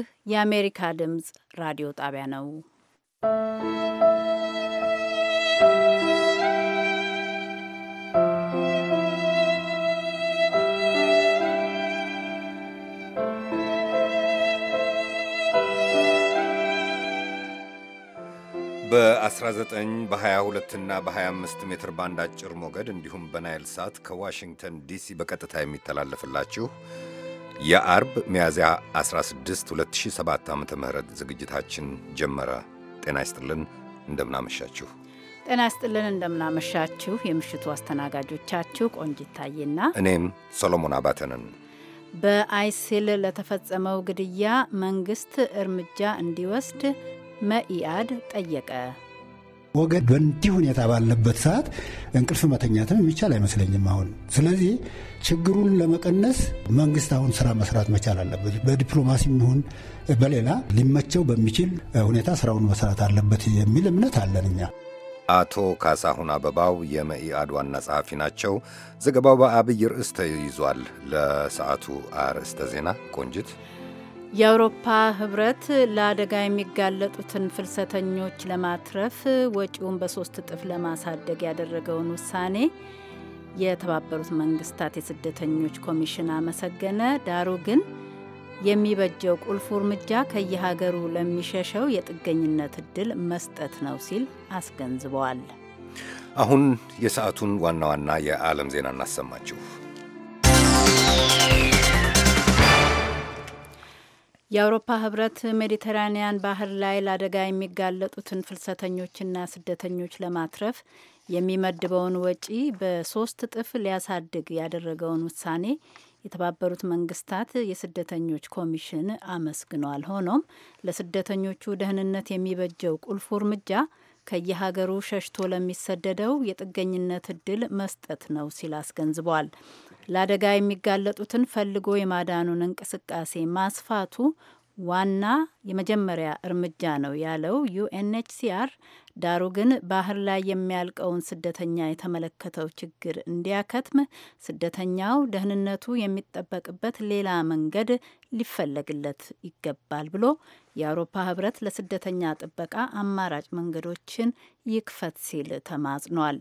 ይህ የአሜሪካ ድምፅ ራዲዮ ጣቢያ ነው። በ19 በ22 እና በ25 ሜትር ባንድ አጭር ሞገድ እንዲሁም በናይል ሳት ከዋሽንግተን ዲሲ በቀጥታ የሚተላለፍላችሁ የአርብ ሚያዝያ 16 2007 ዓ ም ዝግጅታችን ጀመረ። ጤና ይስጥልን፣ እንደምናመሻችሁ። ጤና ይስጥልን፣ እንደምናመሻችሁ። የምሽቱ አስተናጋጆቻችሁ ቆንጂት ታዬና እኔም ሰሎሞን አባተንን። በአይሲል ለተፈጸመው ግድያ መንግስት እርምጃ እንዲወስድ መኢአድ ጠየቀ። ወገን በእንዲህ ሁኔታ ባለበት ሰዓት እንቅልፍ መተኛትም የሚቻል አይመስለኝም አሁን። ስለዚህ ችግሩን ለመቀነስ መንግስት አሁን ስራ መስራት መቻል አለበት። በዲፕሎማሲ ይሁን በሌላ ሊመቸው በሚችል ሁኔታ ስራውን መስራት አለበት የሚል እምነት አለን እኛ። አቶ ካሳሁን አበባው የመኢአድ ዋና ጸሐፊ ናቸው። ዘገባው በአብይ ርዕስ ተይዟል። ለሰዓቱ አርዕስተ ዜና ቆንጅት የአውሮፓ ህብረት ለአደጋ የሚጋለጡትን ፍልሰተኞች ለማትረፍ ወጪውን በሶስት እጥፍ ለማሳደግ ያደረገውን ውሳኔ የተባበሩት መንግስታት የስደተኞች ኮሚሽን አመሰገነ። ዳሩ ግን የሚበጀው ቁልፉ እርምጃ ከየሀገሩ ለሚሸሸው የጥገኝነት እድል መስጠት ነው ሲል አስገንዝበዋል። አሁን የሰዓቱን ዋና ዋና የዓለም ዜና እናሰማችሁ። የአውሮፓ ህብረት ሜዲተራኒያን ባህር ላይ ለአደጋ የሚጋለጡትን ፍልሰተኞችና ስደተኞች ለማትረፍ የሚመድበውን ወጪ በሶስት እጥፍ ሊያሳድግ ያደረገውን ውሳኔ የተባበሩት መንግስታት የስደተኞች ኮሚሽን አመስግኗል። ሆኖም ለስደተኞቹ ደህንነት የሚበጀው ቁልፉ እርምጃ ከየሀገሩ ሸሽቶ ለሚሰደደው የጥገኝነት እድል መስጠት ነው ሲል አስገንዝቧል። ለአደጋ የሚጋለጡትን ፈልጎ የማዳኑን እንቅስቃሴ ማስፋቱ ዋና የመጀመሪያ እርምጃ ነው ያለው ዩኤንኤችሲአር፣ ዳሩ ግን ባህር ላይ የሚያልቀውን ስደተኛ የተመለከተው ችግር እንዲያከትም ስደተኛው ደህንነቱ የሚጠበቅበት ሌላ መንገድ ሊፈለግለት ይገባል ብሎ የአውሮፓ ህብረት ለስደተኛ ጥበቃ አማራጭ መንገዶችን ይክፈት ሲል ተማጽኗል።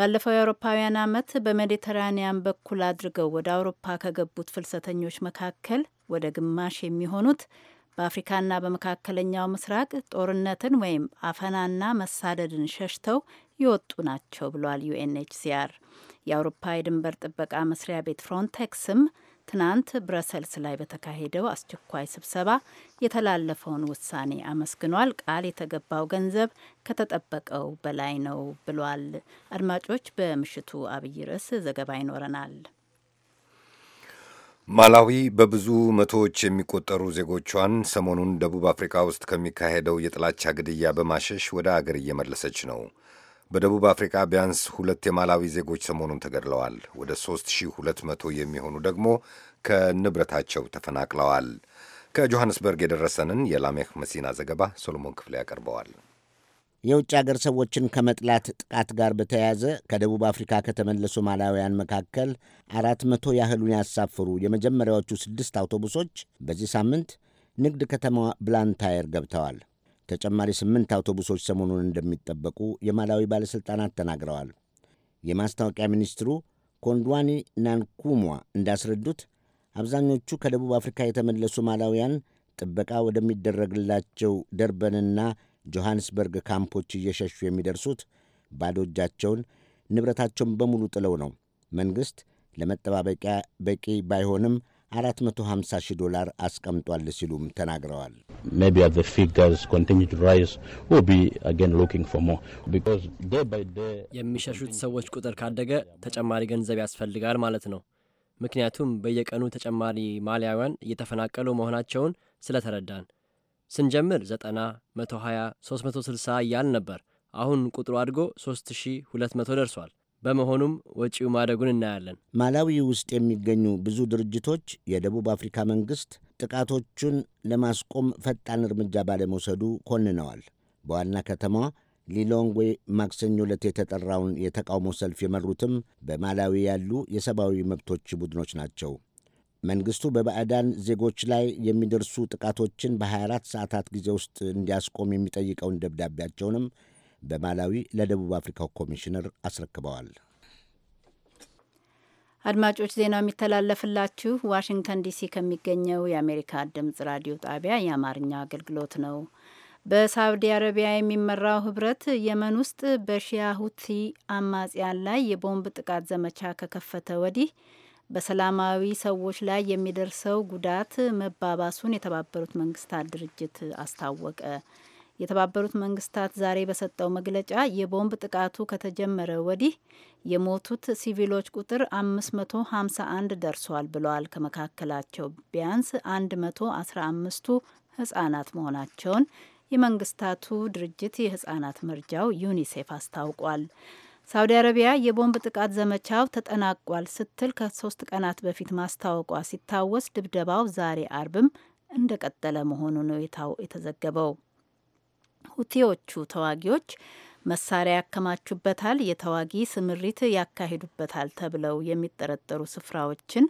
ባለፈው የአውሮፓውያን ዓመት በሜዲተራኒያን በኩል አድርገው ወደ አውሮፓ ከገቡት ፍልሰተኞች መካከል ወደ ግማሽ የሚሆኑት በአፍሪካና በመካከለኛው ምስራቅ ጦርነትን ወይም አፈናና መሳደድን ሸሽተው የወጡ ናቸው ብሏል ዩኤንኤችሲአር። የአውሮፓ የድንበር ጥበቃ መስሪያ ቤት ፍሮንቴክስም ትናንት ብረሰልስ ላይ በተካሄደው አስቸኳይ ስብሰባ የተላለፈውን ውሳኔ አመስግኗል። ቃል የተገባው ገንዘብ ከተጠበቀው በላይ ነው ብሏል። አድማጮች፣ በምሽቱ አብይ ርዕስ ዘገባ ይኖረናል። ማላዊ በብዙ መቶዎች የሚቆጠሩ ዜጎቿን ሰሞኑን ደቡብ አፍሪካ ውስጥ ከሚካሄደው የጥላቻ ግድያ በማሸሽ ወደ አገር እየመለሰች ነው። በደቡብ አፍሪካ ቢያንስ ሁለት የማላዊ ዜጎች ሰሞኑን ተገድለዋል። ወደ 3200 የሚሆኑ ደግሞ ከንብረታቸው ተፈናቅለዋል። ከጆሐንስበርግ የደረሰንን የላሜህ መሲና ዘገባ ሶሎሞን ክፍሌ ያቀርበዋል። የውጭ አገር ሰዎችን ከመጥላት ጥቃት ጋር በተያያዘ ከደቡብ አፍሪካ ከተመለሱ ማላውያን መካከል አራት መቶ ያህሉን ያሳፈሩ የመጀመሪያዎቹ ስድስት አውቶቡሶች በዚህ ሳምንት ንግድ ከተማዋ ብላንታየር ገብተዋል። ተጨማሪ ስምንት አውቶቡሶች ሰሞኑን እንደሚጠበቁ የማላዊ ባለሥልጣናት ተናግረዋል። የማስታወቂያ ሚኒስትሩ ኮንድዋኒ ናንኩሟ እንዳስረዱት አብዛኞቹ ከደቡብ አፍሪካ የተመለሱ ማላውያን ጥበቃ ወደሚደረግላቸው ደርበንና ጆሐንስበርግ ካምፖች እየሸሹ የሚደርሱት ባዶ እጃቸውን ንብረታቸውን በሙሉ ጥለው ነው። መንግሥት ለመጠባበቂያ በቂ ባይሆንም 450 ሺህ ዶላር አስቀምጧል ሲሉም ተናግረዋል። የሚሸሹት ሰዎች ቁጥር ካደገ ተጨማሪ ገንዘብ ያስፈልጋል ማለት ነው። ምክንያቱም በየቀኑ ተጨማሪ ማሊያውያን እየተፈናቀሉ መሆናቸውን ስለተረዳን ስንጀምር 90፣ 120፣ 360 እያል ነበር። አሁን ቁጥሩ አድጎ 3200 ደርሷል። በመሆኑም ወጪው ማደጉን እናያለን። ማላዊ ውስጥ የሚገኙ ብዙ ድርጅቶች የደቡብ አፍሪካ መንግሥት ጥቃቶቹን ለማስቆም ፈጣን እርምጃ ባለመውሰዱ ኮንነዋል። በዋና ከተማ ሊሎንግዌ ማክሰኞ ዕለት የተጠራውን የተቃውሞ ሰልፍ የመሩትም በማላዊ ያሉ የሰብአዊ መብቶች ቡድኖች ናቸው። መንግሥቱ በባዕዳን ዜጎች ላይ የሚደርሱ ጥቃቶችን በ24 ሰዓታት ጊዜ ውስጥ እንዲያስቆም የሚጠይቀውን ደብዳቤያቸውንም በማላዊ ለደቡብ አፍሪካው ኮሚሽነር አስረክበዋል። አድማጮች ዜናው የሚተላለፍላችሁ ዋሽንግተን ዲሲ ከሚገኘው የአሜሪካ ድምጽ ራዲዮ ጣቢያ የአማርኛ አገልግሎት ነው። በሳውዲ አረቢያ የሚመራው ህብረት የመን ውስጥ በሺያ ሁቲ አማጽያን ላይ የቦምብ ጥቃት ዘመቻ ከከፈተ ወዲህ በሰላማዊ ሰዎች ላይ የሚደርሰው ጉዳት መባባሱን የተባበሩት መንግስታት ድርጅት አስታወቀ። የተባበሩት መንግስታት ዛሬ በሰጠው መግለጫ የቦምብ ጥቃቱ ከተጀመረ ወዲህ የሞቱት ሲቪሎች ቁጥር 551 ደርሷል ብለዋል። ከመካከላቸው ቢያንስ 115ቱ ህጻናት መሆናቸውን የመንግስታቱ ድርጅት የህጻናት መርጃው ዩኒሴፍ አስታውቋል። ሳውዲ አረቢያ የቦምብ ጥቃት ዘመቻው ተጠናቋል ስትል ከሶስት ቀናት በፊት ማስታወቋ ሲታወስ ድብደባው ዛሬ አርብም እንደቀጠለ መሆኑ ነው የታው የተዘገበው። ሁቲዎቹ ተዋጊዎች መሳሪያ ያከማቹበታል፣ የተዋጊ ስምሪት ያካሂዱበታል ተብለው የሚጠረጠሩ ስፍራዎችን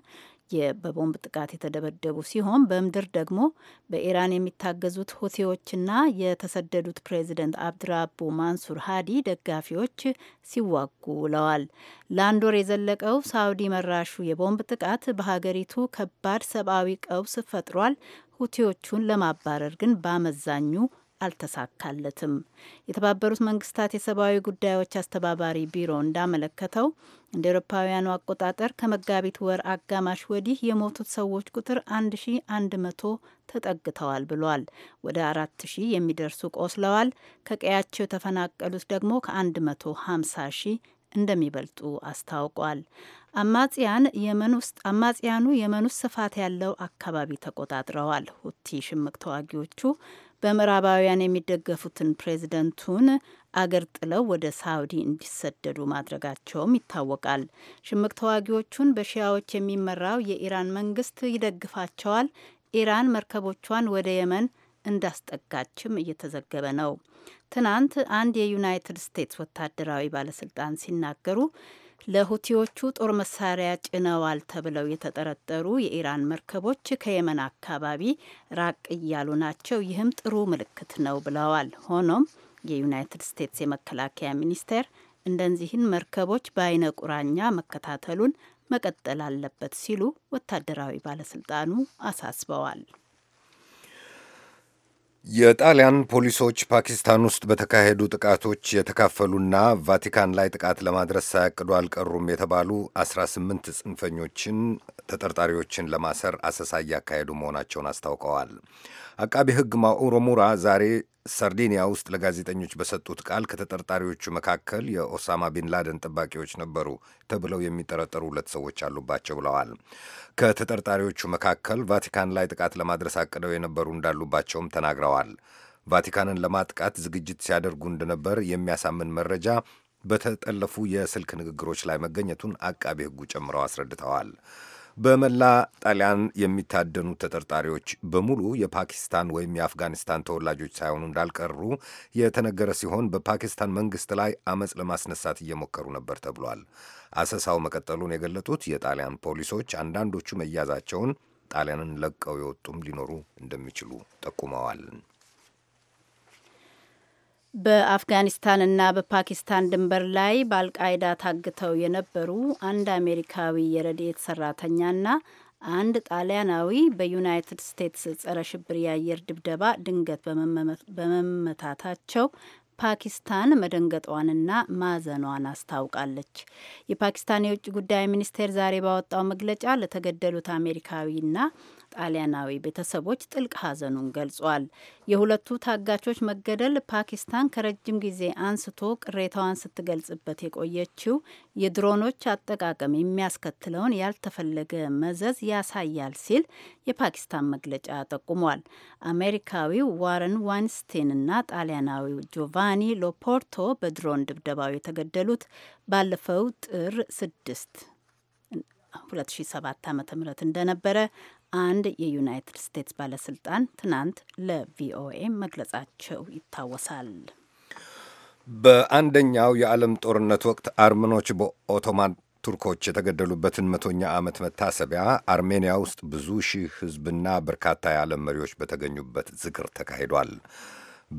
በቦምብ ጥቃት የተደበደቡ ሲሆን በምድር ደግሞ በኢራን የሚታገዙት ሁቲዎችና የተሰደዱት ፕሬዚደንት አብድራቡ ማንሱር ሀዲ ደጋፊዎች ሲዋጉ ውለዋል። ለአንድ ወር የዘለቀው ሳውዲ መራሹ የቦምብ ጥቃት በሀገሪቱ ከባድ ሰብአዊ ቀውስ ፈጥሯል። ሁቲዎቹን ለማባረር ግን በአመዛኙ አልተሳካለትም። የተባበሩት መንግስታት የሰብአዊ ጉዳዮች አስተባባሪ ቢሮ እንዳመለከተው እንደ ኤሮፓውያኑ አቆጣጠር ከመጋቢት ወር አጋማሽ ወዲህ የሞቱት ሰዎች ቁጥር 1100 ተጠግተዋል ብሏል። ወደ 4000 የሚደርሱ ቆስለዋል። ከቀያቸው የተፈናቀሉት ደግሞ ከ150 ሺህ እንደሚበልጡ አስታውቋል። አማጽያን የመን ውስጥ አማጽያኑ የመን ውስጥ ስፋት ያለው አካባቢ ተቆጣጥረዋል። ሁቲ ሽምቅ ተዋጊዎቹ በምዕራባውያን የሚደገፉትን ፕሬዚደንቱን አገር ጥለው ወደ ሳውዲ እንዲሰደዱ ማድረጋቸውም ይታወቃል። ሽምቅ ተዋጊዎቹን በሺያዎች የሚመራው የኢራን መንግስት ይደግፋቸዋል። ኢራን መርከቦቿን ወደ የመን እንዳስጠጋችም እየተዘገበ ነው። ትናንት አንድ የዩናይትድ ስቴትስ ወታደራዊ ባለስልጣን ሲናገሩ ለሁቲዎቹ ጦር መሳሪያ ጭነዋል ተብለው የተጠረጠሩ የኢራን መርከቦች ከየመን አካባቢ ራቅ እያሉ ናቸው፣ ይህም ጥሩ ምልክት ነው ብለዋል። ሆኖም የዩናይትድ ስቴትስ የመከላከያ ሚኒስቴር እንደዚህን መርከቦች በአይነ ቁራኛ መከታተሉን መቀጠል አለበት ሲሉ ወታደራዊ ባለስልጣኑ አሳስበዋል። የጣሊያን ፖሊሶች ፓኪስታን ውስጥ በተካሄዱ ጥቃቶች የተካፈሉና ቫቲካን ላይ ጥቃት ለማድረስ ሳያቅዱ አልቀሩም የተባሉ 18 ጽንፈኞችን ተጠርጣሪዎችን ለማሰር አሰሳ እያካሄዱ መሆናቸውን አስታውቀዋል። አቃቤ ሕግ ማኡሮ ሙራ ዛሬ ሳርዲኒያ ውስጥ ለጋዜጠኞች በሰጡት ቃል ከተጠርጣሪዎቹ መካከል የኦሳማ ቢንላደን ጠባቂዎች ነበሩ ተብለው የሚጠረጠሩ ሁለት ሰዎች አሉባቸው ብለዋል። ከተጠርጣሪዎቹ መካከል ቫቲካን ላይ ጥቃት ለማድረስ አቅደው የነበሩ እንዳሉባቸውም ተናግረዋል። ቫቲካንን ለማጥቃት ዝግጅት ሲያደርጉ እንደነበር የሚያሳምን መረጃ በተጠለፉ የስልክ ንግግሮች ላይ መገኘቱን አቃቤ ሕጉ ጨምረው አስረድተዋል። በመላ ጣሊያን የሚታደኑ ተጠርጣሪዎች በሙሉ የፓኪስታን ወይም የአፍጋኒስታን ተወላጆች ሳይሆኑ እንዳልቀሩ የተነገረ ሲሆን በፓኪስታን መንግስት ላይ አመፅ ለማስነሳት እየሞከሩ ነበር ተብሏል። አሰሳው መቀጠሉን የገለጡት የጣሊያን ፖሊሶች አንዳንዶቹ መያዛቸውን ጣሊያንን ለቀው የወጡም ሊኖሩ እንደሚችሉ ጠቁመዋል። በአፍጋኒስታንና በፓኪስታን ድንበር ላይ በአልቃይዳ ታግተው የነበሩ አንድ አሜሪካዊ የረድኤት ሰራተኛና አንድ ጣሊያናዊ በዩናይትድ ስቴትስ ጸረ ሽብር የአየር ድብደባ ድንገት በመመታታቸው ፓኪስታን መደንገጧንና ማዘኗን አስታውቃለች። የፓኪስታን የውጭ ጉዳይ ሚኒስቴር ዛሬ ባወጣው መግለጫ ለተገደሉት አሜሪካዊና ጣሊያናዊ ቤተሰቦች ጥልቅ ሐዘኑን ገልጿል። የሁለቱ ታጋቾች መገደል ፓኪስታን ከረጅም ጊዜ አንስቶ ቅሬታዋን ስትገልጽበት የቆየችው የድሮኖች አጠቃቀም የሚያስከትለውን ያልተፈለገ መዘዝ ያሳያል ሲል የፓኪስታን መግለጫ ጠቁሟል። አሜሪካዊው ዋረን እና ጣሊያናዊው ጆቫኒ ሎፖርቶ በድሮን ድብደባው የተገደሉት ባለፈው ጥር ስድስት 2007 ዓ.ም እንደነበረ አንድ የዩናይትድ ስቴትስ ባለስልጣን ትናንት ለቪኦኤ መግለጻቸው ይታወሳል። በአንደኛው የዓለም ጦርነት ወቅት አርመኖች በኦቶማን ቱርኮች የተገደሉበትን መቶኛ ዓመት መታሰቢያ አርሜኒያ ውስጥ ብዙ ሺህ ሕዝብና በርካታ የዓለም መሪዎች በተገኙበት ዝክር ተካሂዷል።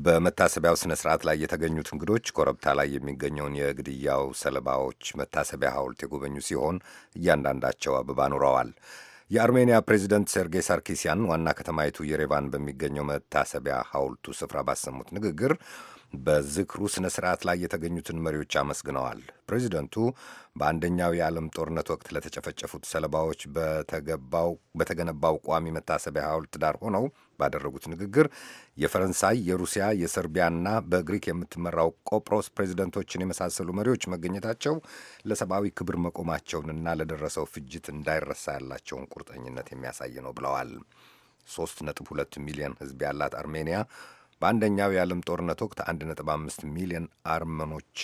በመታሰቢያው ስነ ስርዓት ላይ የተገኙት እንግዶች ኮረብታ ላይ የሚገኘውን የግድያው ሰለባዎች መታሰቢያ ሐውልት የጎበኙ ሲሆን እያንዳንዳቸው አበባ ኑረዋል። የአርሜኒያ ፕሬዚደንት ሰርጌይ ሳርኪሲያን ዋና ከተማይቱ የሬቫን በሚገኘው መታሰቢያ ሐውልቱ ስፍራ ባሰሙት ንግግር በዝክሩ ስነ ስርዓት ላይ የተገኙትን መሪዎች አመስግነዋል። ፕሬዚደንቱ በአንደኛው የዓለም ጦርነት ወቅት ለተጨፈጨፉት ሰለባዎች በተገነባው ቋሚ መታሰቢያ ሐውልት ዳር ሆነው ባደረጉት ንግግር የፈረንሳይ፣ የሩሲያ፣ የሰርቢያና በግሪክ የምትመራው ቆጵሮስ ፕሬዚደንቶችን የመሳሰሉ መሪዎች መገኘታቸው ለሰብአዊ ክብር መቆማቸውንና ለደረሰው ፍጅት እንዳይረሳ ያላቸውን ቁርጠኝነት የሚያሳይ ነው ብለዋል። 3.2 ሚሊዮን ሕዝብ ያላት አርሜኒያ በአንደኛው የዓለም ጦርነት ወቅት 1.5 ሚሊዮን አርመኖች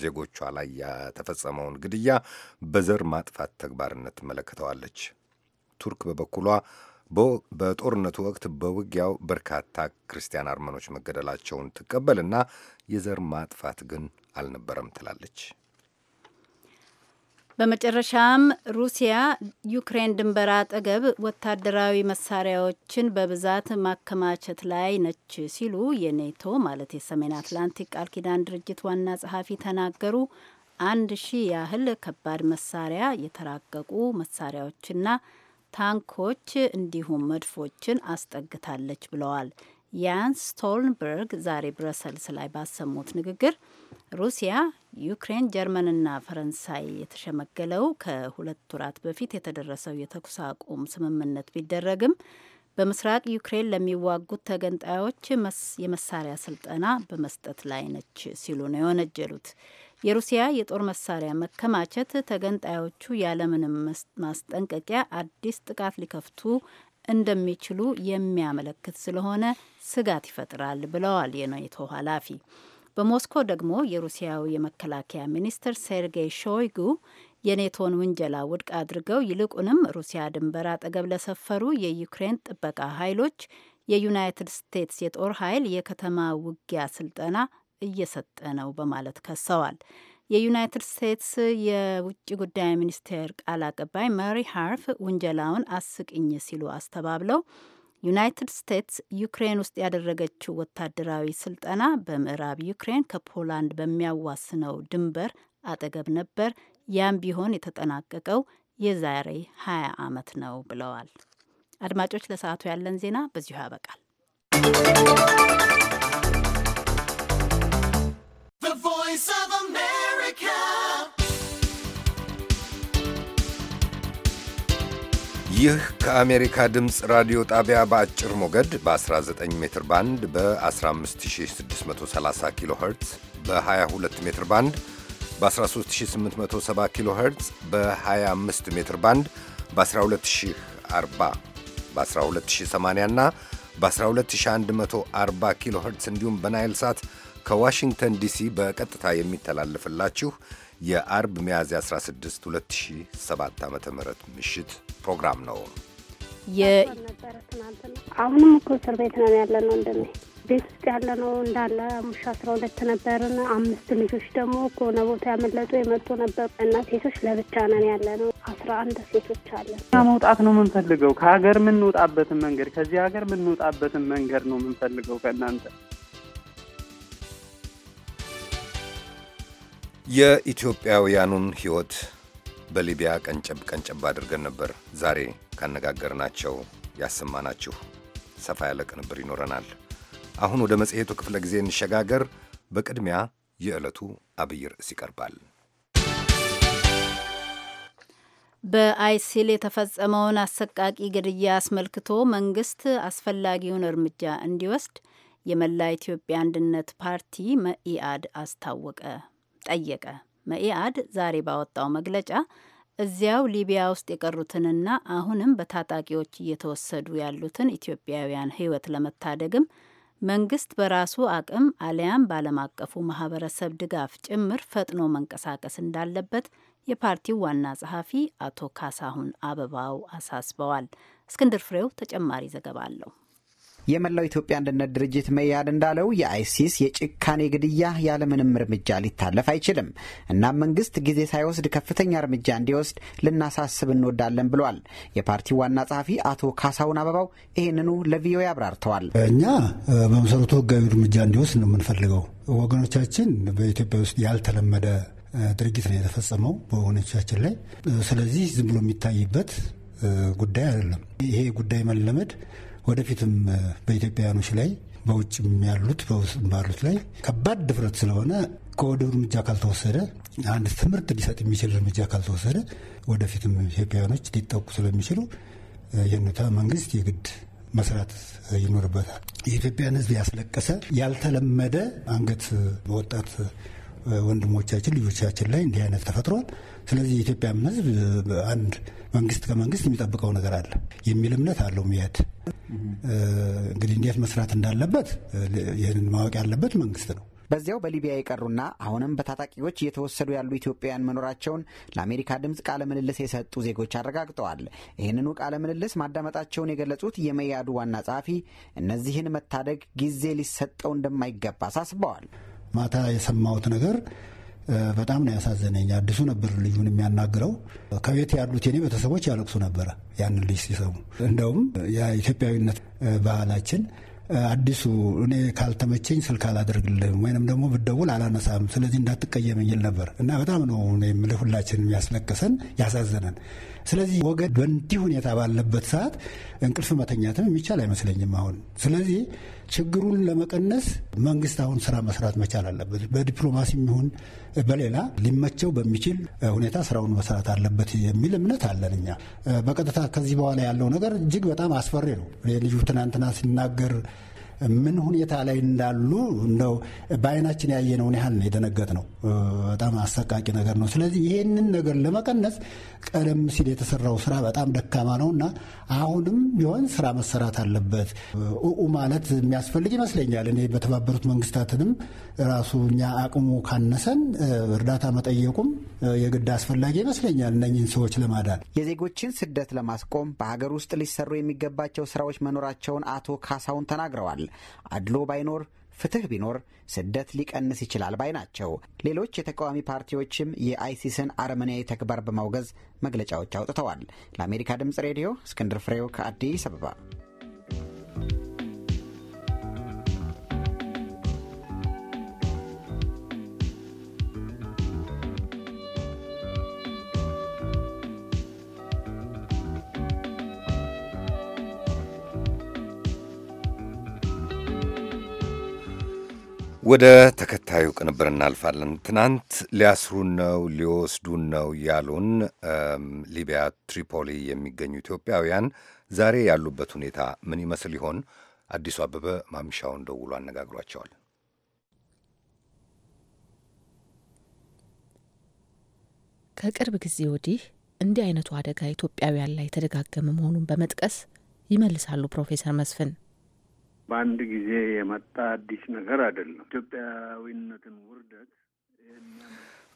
ዜጎቿ ላይ የተፈጸመውን ግድያ በዘር ማጥፋት ተግባርነት ትመለከተዋለች። ቱርክ በበኩሏ በጦርነቱ ወቅት በውጊያው በርካታ ክርስቲያን አርመኖች መገደላቸውን ትቀበልና የዘር ማጥፋት ግን አልነበረም ትላለች። በመጨረሻም ሩሲያ ዩክሬን ድንበር አጠገብ ወታደራዊ መሳሪያዎችን በብዛት ማከማቸት ላይ ነች ሲሉ የኔቶ ማለት የሰሜን አትላንቲክ ቃል ኪዳን ድርጅት ዋና ጸሐፊ ተናገሩ። አንድ ሺህ ያህል ከባድ መሳሪያ የተራቀቁ መሳሪያዎችና ታንኮች እንዲሁም መድፎችን አስጠግታለች ብለዋል። ያንስ ስቶልንበርግ ዛሬ ብረሰልስ ላይ ባሰሙት ንግግር ሩሲያ ዩክሬን፣ ጀርመንና ፈረንሳይ የተሸመገለው ከሁለት ወራት በፊት የተደረሰው የተኩስ አቁም ስምምነት ቢደረግም በምስራቅ ዩክሬን ለሚዋጉት ተገንጣዮች የመሳሪያ ስልጠና በመስጠት ላይ ነች ሲሉ ነው የወነጀሉት። የሩሲያ የጦር መሳሪያ መከማቸት ተገንጣዮቹ ያለምንም ማስጠንቀቂያ አዲስ ጥቃት ሊከፍቱ እንደሚችሉ የሚያመለክት ስለሆነ ስጋት ይፈጥራል ብለዋል የኔቶ ኃላፊ። በሞስኮ ደግሞ የሩሲያው የመከላከያ ሚኒስትር ሴርጌይ ሾይጉ የኔቶን ውንጀላ ውድቅ አድርገው ይልቁንም ሩሲያ ድንበር አጠገብ ለሰፈሩ የዩክሬን ጥበቃ ኃይሎች የዩናይትድ ስቴትስ የጦር ኃይል የከተማ ውጊያ ስልጠና እየሰጠ ነው በማለት ከሰዋል። የዩናይትድ ስቴትስ የውጭ ጉዳይ ሚኒስቴር ቃል አቀባይ መሪ ሃርፍ ውንጀላውን አስቅኝ ሲሉ አስተባብለው ዩናይትድ ስቴትስ ዩክሬን ውስጥ ያደረገችው ወታደራዊ ስልጠና በምዕራብ ዩክሬን ከፖላንድ በሚያዋስነው ድንበር አጠገብ ነበር። ያም ቢሆን የተጠናቀቀው የዛሬ 20 ዓመት ነው ብለዋል። አድማጮች፣ ለሰዓቱ ያለን ዜና በዚሁ ያበቃል። Voice of America. ይህ ከአሜሪካ ድምፅ ራዲዮ ጣቢያ በአጭር ሞገድ በ19 ሜትር ባንድ በ15630 ኪሎ ኸርትዝ በ22 ሜትር ባንድ በ13870 ኪሎ ኸርትዝ በ25 ሜትር ባንድ በ12040 በ12080 እና በ12140 ኪሎ ኸርትዝ እንዲሁም በናይል ሳት ከዋሽንግተን ዲሲ በቀጥታ የሚተላለፍላችሁ የአርብ ሚያዝያ 16 2007 ዓ ም ምሽት ፕሮግራም ነው። አሁንም እኮ እስር ቤት ነው ያለ ነው እንደኔ ቤት ውስጥ ያለ ነው እንዳለ ሙሽ አስራ ሁለት ነበርን። አምስት ልጆች ደግሞ ከሆነ ቦታ ያመለጡ የመጡ ነበር እና ሴቶች ለብቻ ነን ያለ ነው አስራ አንድ ሴቶች አለ። እኛ መውጣት ነው የምንፈልገው ከሀገር የምንወጣበትን መንገድ ከዚህ ሀገር የምንወጣበትን መንገድ ነው የምንፈልገው ከእናንተ የኢትዮጵያውያኑን ሕይወት በሊቢያ ቀንጨብ ቀንጨብ አድርገን ነበር ዛሬ ካነጋገርናቸው ያሰማናችሁ። ሰፋ ያለ ቅንብር ይኖረናል። አሁን ወደ መጽሔቱ ክፍለ ጊዜ እንሸጋገር። በቅድሚያ የዕለቱ አብይ ርዕስ ይቀርባል። በአይሲል የተፈጸመውን አሰቃቂ ግድያ አስመልክቶ መንግስት አስፈላጊውን እርምጃ እንዲወስድ የመላ ኢትዮጵያ አንድነት ፓርቲ መኢአድ አስታወቀ። ጠየቀ። መኢአድ ዛሬ ባወጣው መግለጫ እዚያው ሊቢያ ውስጥ የቀሩትንና አሁንም በታጣቂዎች እየተወሰዱ ያሉትን ኢትዮጵያውያን ሕይወት ለመታደግም መንግስት በራሱ አቅም አሊያም በዓለም አቀፉ ማህበረሰብ ድጋፍ ጭምር ፈጥኖ መንቀሳቀስ እንዳለበት የፓርቲው ዋና ጸሐፊ አቶ ካሳሁን አበባው አሳስበዋል። እስክንድር ፍሬው ተጨማሪ ዘገባ አለው። የመላው ኢትዮጵያ አንድነት ድርጅት መያድ እንዳለው የአይሲስ የጭካኔ ግድያ ያለምንም እርምጃ ሊታለፍ አይችልም። እናም መንግስት ጊዜ ሳይወስድ ከፍተኛ እርምጃ እንዲወስድ ልናሳስብ እንወዳለን ብሏል። የፓርቲው ዋና ጸሐፊ አቶ ካሳሁን አበባው ይህንኑ ለቪኦኤ አብራርተዋል። እኛ በመሰረቱ ህጋዊ እርምጃ እንዲወስድ ነው የምንፈልገው። ወገኖቻችን በኢትዮጵያ ውስጥ ያልተለመደ ድርጊት ነው የተፈጸመው በወገኖቻችን ላይ። ስለዚህ ዝም ብሎ የሚታይበት ጉዳይ አይደለም። ይሄ ጉዳይ መለመድ ወደፊትም በኢትዮጵያውያኖች ላይ በውጭም ያሉት በውስጥ ባሉት ላይ ከባድ ድፍረት ስለሆነ ከወደ እርምጃ ካልተወሰደ አንድ ትምህርት ሊሰጥ የሚችል እርምጃ ካልተወሰደ ወደፊትም ኢትዮጵያውያኖች ሊጠቁ ስለሚችሉ የነታ መንግስት የግድ መስራት ይኖርበታል። የኢትዮጵያን ሕዝብ ያስለቀሰ ያልተለመደ አንገት በወጣት ወንድሞቻችን ልጆቻችን ላይ እንዲህ አይነት ተፈጥሯል። ስለዚህ የኢትዮጵያም ህዝብ አንድ መንግስት ከመንግስት የሚጠብቀው ነገር አለ የሚል እምነት አለው። ሚያት እንግዲህ እንዴት መስራት እንዳለበት ይህንን ማወቅ ያለበት መንግስት ነው። በዚያው በሊቢያ የቀሩና አሁንም በታጣቂዎች እየተወሰዱ ያሉ ኢትዮጵያውያን መኖራቸውን ለአሜሪካ ድምፅ ቃለ ምልልስ የሰጡ ዜጎች አረጋግጠዋል። ይህንኑ ቃለ ምልልስ ማዳመጣቸውን የገለጹት የመያዱ ዋና ጸሐፊ እነዚህን መታደግ ጊዜ ሊሰጠው እንደማይገባ አሳስበዋል። ማታ የሰማሁት ነገር በጣም ነው ያሳዘነኝ። አዲሱ ነበር ልጁን የሚያናግረው። ከቤት ያሉት የኔ ቤተሰቦች ያለቅሱ ነበረ ያንን ልጅ ሲሰሙ። እንደውም የኢትዮጵያዊነት ባህላችን አዲሱ እኔ ካልተመቸኝ ስልክ አላደርግልህም ወይንም ደግሞ ብደውል አላነሳም፣ ስለዚህ እንዳትቀየመኝ ይል ነበር እና በጣም ነው ሁላችን የሚያስለቅሰን ያሳዘነን። ስለዚህ ወገን በእንዲህ ሁኔታ ባለበት ሰዓት እንቅልፍ መተኛትም የሚቻል አይመስለኝም አሁን ስለዚህ ችግሩን ለመቀነስ መንግስት አሁን ስራ መስራት መቻል አለበት። በዲፕሎማሲ ይሁን በሌላ ሊመቸው በሚችል ሁኔታ ስራውን መስራት አለበት የሚል እምነት አለን እኛ። በቀጥታ ከዚህ በኋላ ያለው ነገር እጅግ በጣም አስፈሪ ነው። ልጁ ትናንትና ሲናገር ምን ሁኔታ ላይ እንዳሉ እንደው በአይናችን ያየነውን ያህል ነው ነው። በጣም አሰቃቂ ነገር ነው። ስለዚህ ይህንን ነገር ለመቀነስ ቀደም ሲል የተሰራው ስራ በጣም ደካማ ነው እና አሁንም ቢሆን ስራ መሰራት አለበት ኡ ማለት የሚያስፈልግ ይመስለኛል። እኔ በተባበሩት መንግስታትንም ራሱ እኛ አቅሙ ካነሰን እርዳታ መጠየቁም የግድ አስፈላጊ ይመስለኛል እነኝህን ሰዎች ለማዳን የዜጎችን ስደት ለማስቆም በሀገር ውስጥ ሊሰሩ የሚገባቸው ስራዎች መኖራቸውን አቶ ካሳውን ተናግረዋል። አድሎ ባይኖር ፍትህ ቢኖር ስደት ሊቀንስ ይችላል ባይ ናቸው። ሌሎች የተቃዋሚ ፓርቲዎችም የአይሲስን አረመኔያዊ ተግባር በማውገዝ መግለጫዎች አውጥተዋል። ለአሜሪካ ድምፅ ሬዲዮ እስክንድር ፍሬው ከአዲስ አበባ ወደ ተከታዩ ቅንብር እናልፋለን። ትናንት ሊያስሩን ነው ሊወስዱን ነው ያሉን ሊቢያ ትሪፖሊ የሚገኙ ኢትዮጵያውያን ዛሬ ያሉበት ሁኔታ ምን ይመስል ይሆን? አዲሱ አበበ ማምሻውን ደውሎ አነጋግሯቸዋል። ከቅርብ ጊዜ ወዲህ እንዲህ አይነቱ አደጋ ኢትዮጵያውያን ላይ የተደጋገመ መሆኑን በመጥቀስ ይመልሳሉ ፕሮፌሰር መስፍን በአንድ ጊዜ የመጣ አዲስ ነገር አይደለም። ኢትዮጵያዊነትን ውርደት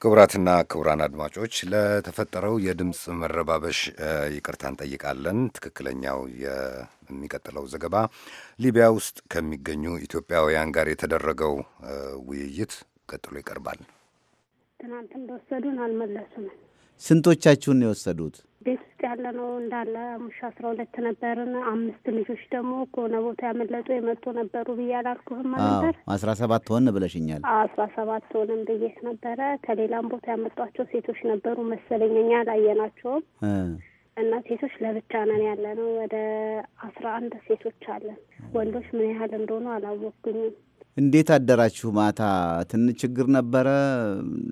ክቡራትና ክቡራን አድማጮች ለተፈጠረው የድምፅ መረባበሽ ይቅርታ እንጠይቃለን። ትክክለኛው የሚቀጥለው ዘገባ ሊቢያ ውስጥ ከሚገኙ ኢትዮጵያውያን ጋር የተደረገው ውይይት ቀጥሎ ይቀርባል። ትናንት እንደወሰዱን አልመለሱም። ስንቶቻችሁን የወሰዱት? ቤት ያለ ነው እንዳለ ሙሽ አስራ ሁለት ነበርን። አምስት ልጆች ደግሞ ከሆነ ቦታ ያመለጡ የመጡ ነበሩ ብዬ አላልኩህም ነበር? አስራ ሰባት ሆን ብለሽኛል። አስራ ሰባት ሆንም ብዬት ነበረ። ከሌላም ቦታ ያመጧቸው ሴቶች ነበሩ መሰለኝ እኛ አላየናቸውም። እና ሴቶች ለብቻ ነን ያለ ነው። ወደ አስራ አንድ ሴቶች አለን። ወንዶች ምን ያህል እንደሆኑ አላወኩኝም። እንዴት አደራችሁ? ማታ ትንሽ ችግር ነበረ?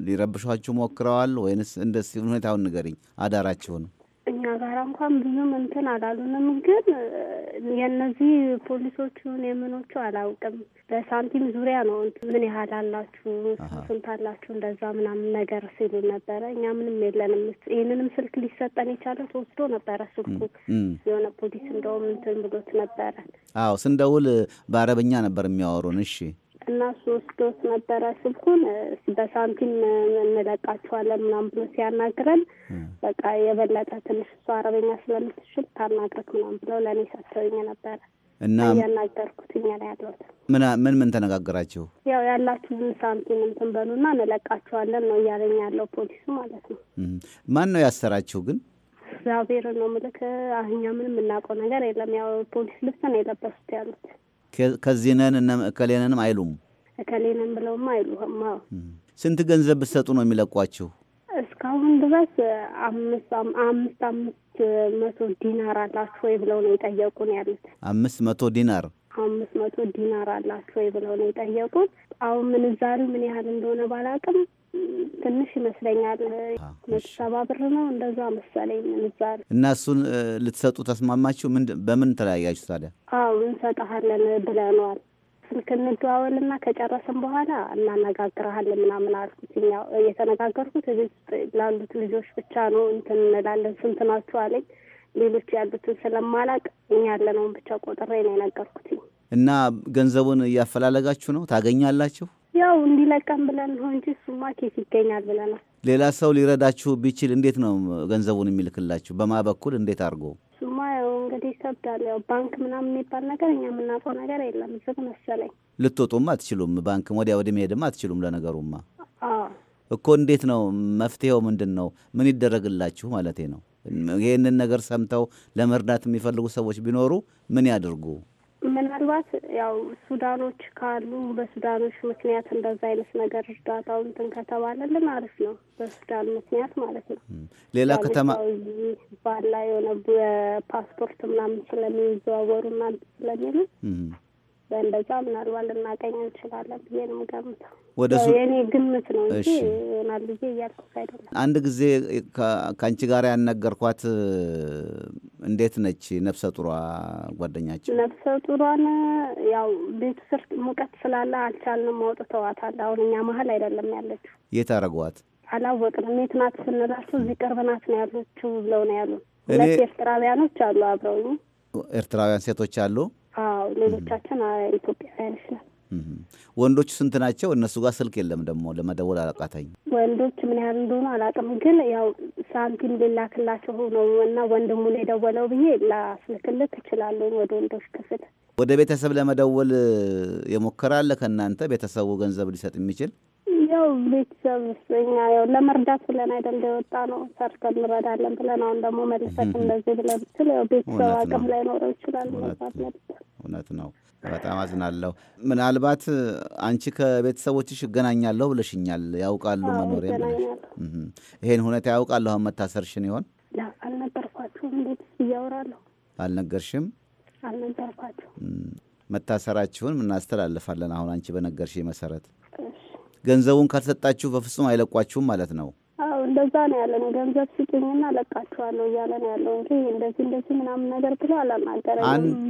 ሊረብሿችሁ ሞክረዋል ወይንስ? እንደ ሁኔታውን ንገሪኝ አዳራችሁን። እኛ ጋር እንኳን ብዙም እንትን አላሉንም። ግን የእነዚህ ፖሊሶቹን የምኖቹ አላውቅም። በሳንቲም ዙሪያ ነው ምን ያህል አላችሁ፣ ስንት አላችሁ እንደዛ ምናምን ነገር ሲሉ ነበረ። እኛ ምንም የለንም። ይህንንም ስልክ ሊሰጠን የቻለው ተወስዶ ነበረ ስልኩ። የሆነ ፖሊስ እንደውም እንትን ብሎት ነበረ። አዎ ስንደውል በአረብኛ ነበር የሚያወሩን። እሺ እና ሶስት ወስዶት ነበረ ስልኩን በሳንቲም እንለቃችኋለን ምናምን ብሎ ሲያናግረን በቃ የበለጠ ትንሽ እሱ አረበኛ ስለምትችል ታናግረክ ምናምን ብለው ለእኔ ሰጥተውኝ ነበረ እና እያናገርኩት እኛ ላይ ያለት ምን ምን ተነጋገራችሁ? ያው ያላችሁን ሳንቲም እንትን በሉና እንለቃችኋለን ነው እያለኝ ያለው ፖሊሱ ማለት ነው። ማን ነው ያሰራችሁ ግን? እግዚአብሔር ነው ምልክ። እኛ ምንም የምናውቀው ነገር የለም። ያው ፖሊስ ልብስ ነው የለበሱት ያሉት ከዚህ ነን እከሌነንም አይሉም። እከሌነን ብለውም አይሉም። ስንት ገንዘብ ብትሰጡ ነው የሚለቋችሁ? እስካሁን ድረስ አምስት አምስት መቶ ዲናር አላችሁ ወይ ብለው ነው የጠየቁን ያሉት። አምስት መቶ ዲናር አምስት መቶ ዲናር አላችሁ ወይ ብለው ነው የጠየቁን። አሁን ምንዛሪው ምን ያህል እንደሆነ ባላቅም ትንሽ ይመስለኛል መቶ ሰባ ብር ነው እንደዛ መሰለኝ ምንዛሬ። እና እሱን ልትሰጡ ተስማማችሁ? በምን ተለያያችሁ ታዲያ? አዎ እንሰጠሃለን ብለኗል ስልክ እንደዋወልና ከጨረስን በኋላ እናነጋግረሃለን ምናምን አልኩት። ያው የተነጋገርኩት ውስጥ ላሉት ልጆች ብቻ ነው እንትን እንላለን ስንት ናችሁ አለኝ። ሌሎች ያሉትን ስለማላቅ እኛ ያለነውን ብቻ ቆጥሬ ነው የነገርኩት እና ገንዘቡን እያፈላለጋችሁ ነው ታገኛላችሁ ያው እንዲለቀም ብለን ነው እንጂ እሱማ ኬት ይገኛል ብለናል። ሌላ ሰው ሊረዳችሁ ቢችል እንዴት ነው ገንዘቡን የሚልክላችሁ? በማ በኩል እንዴት አድርጎ? እሱማ ያው እንግዲህ ይከብዳል። ያው ባንክ ምናምን የሚባል ነገር እኛ የምናውቀው ነገር የለም። ዝግ መሰለኝ። ልትወጡም አትችሉም። ባንክም ወዲያ ወዲህ መሄድም አትችሉም። ለነገሩማ እኮ እንዴት ነው መፍትሄው? ምንድን ነው? ምን ይደረግላችሁ ማለቴ ነው። ይህንን ነገር ሰምተው ለመርዳት የሚፈልጉ ሰዎች ቢኖሩ ምን ያድርጉ? ምናልባት ያው ሱዳኖች ካሉ በሱዳኖች ምክንያት እንደዛ አይነት ነገር እርዳታው እንትን ከተባለልን አሪፍ ነው። በሱዳን ምክንያት ማለት ነው። ሌላ ከተማ ባላ የሆነ የፓስፖርት ምናምን ስለሚዘዋወሩ ምናምን ስለሚሉ በእንደዛ ምናልባት ልናገኝ እንችላለን ብዬ ነው ገምተው ወደ የእኔ ግምት ነው እንጂ ይሆናል ብዬ እያልኩት አይደለም። አንድ ጊዜ ከአንቺ ጋር ያነገርኳት እንዴት ነች ነፍሰ ጡሯ ጓደኛቸው? ነፍሰ ጡሯን ያው ቤት ስር ሙቀት ስላለ አልቻልንም፣ አውጥተዋታል። አሁን እኛ መሀል አይደለም ያለችው። የት አረጓት? አላወቅንም። የት ናት ስንላቸው እዚህ ቅርብ ናት ነው ያለችው ብለው ነው ያሉ። ሁለት ኤርትራውያኖች አሉ አብረውኝ፣ ኤርትራውያን ሴቶች አሉ አዎ ሌሎቻችን ኢትዮጵያውያኖች ነን። ወንዶቹ ስንት ናቸው? እነሱ ጋር ስልክ የለም ደግሞ ለመደወል አላቃታኝ። ወንዶች ምን ያህል እንደሆኑ አላውቅም፣ ግን ያው ሳንቲም ሌላክላቸው ነው እና ወንድሙ ነው የደወለው ብዬ ላስልክልክ ትችላለህ። ወደ ወንዶች ክፍል ወደ ቤተሰብ ለመደወል የሞከራለ ከእናንተ ቤተሰቡ ገንዘብ ሊሰጥ የሚችል ያው ቤተሰብ እኛ ያው ለመርዳት ብለን አይደል የወጣ ነው። ሰርተን እንረዳለን ብለን አሁን ደግሞ መልሰት እንደዚህ ብለን ስል ያው ቤተሰብ አቅም ላይ ኖረው ይችላል። እውነት ነው። በጣም አዝናለሁ። ምናልባት አንቺ ከቤተሰቦችሽ እገናኛለሁ ብለሽኛል። ያውቃሉ መኖሪያ ብለሽ ይሄን ሁኔታ ያውቃሉ። አሁን መታሰርሽን ይሆን አልነገርኳቸውም። እንዴት እያወራለሁ? አልነገርሽም? አልነገርኳቸው። መታሰራችሁን እናስተላልፋለን። አሁን አንቺ በነገርሽ መሰረት ገንዘቡን ካልሰጣችሁ በፍጹም አይለቋችሁም ማለት ነው። አዎ እንደዛ ነው ያለ ነው። ገንዘብ ስጡኝና ለቃችኋለሁ እያለ ነው ያለው እንጂ እንደዚህ እንደዚህ ምናምን ነገር ብሎ አላናገረም።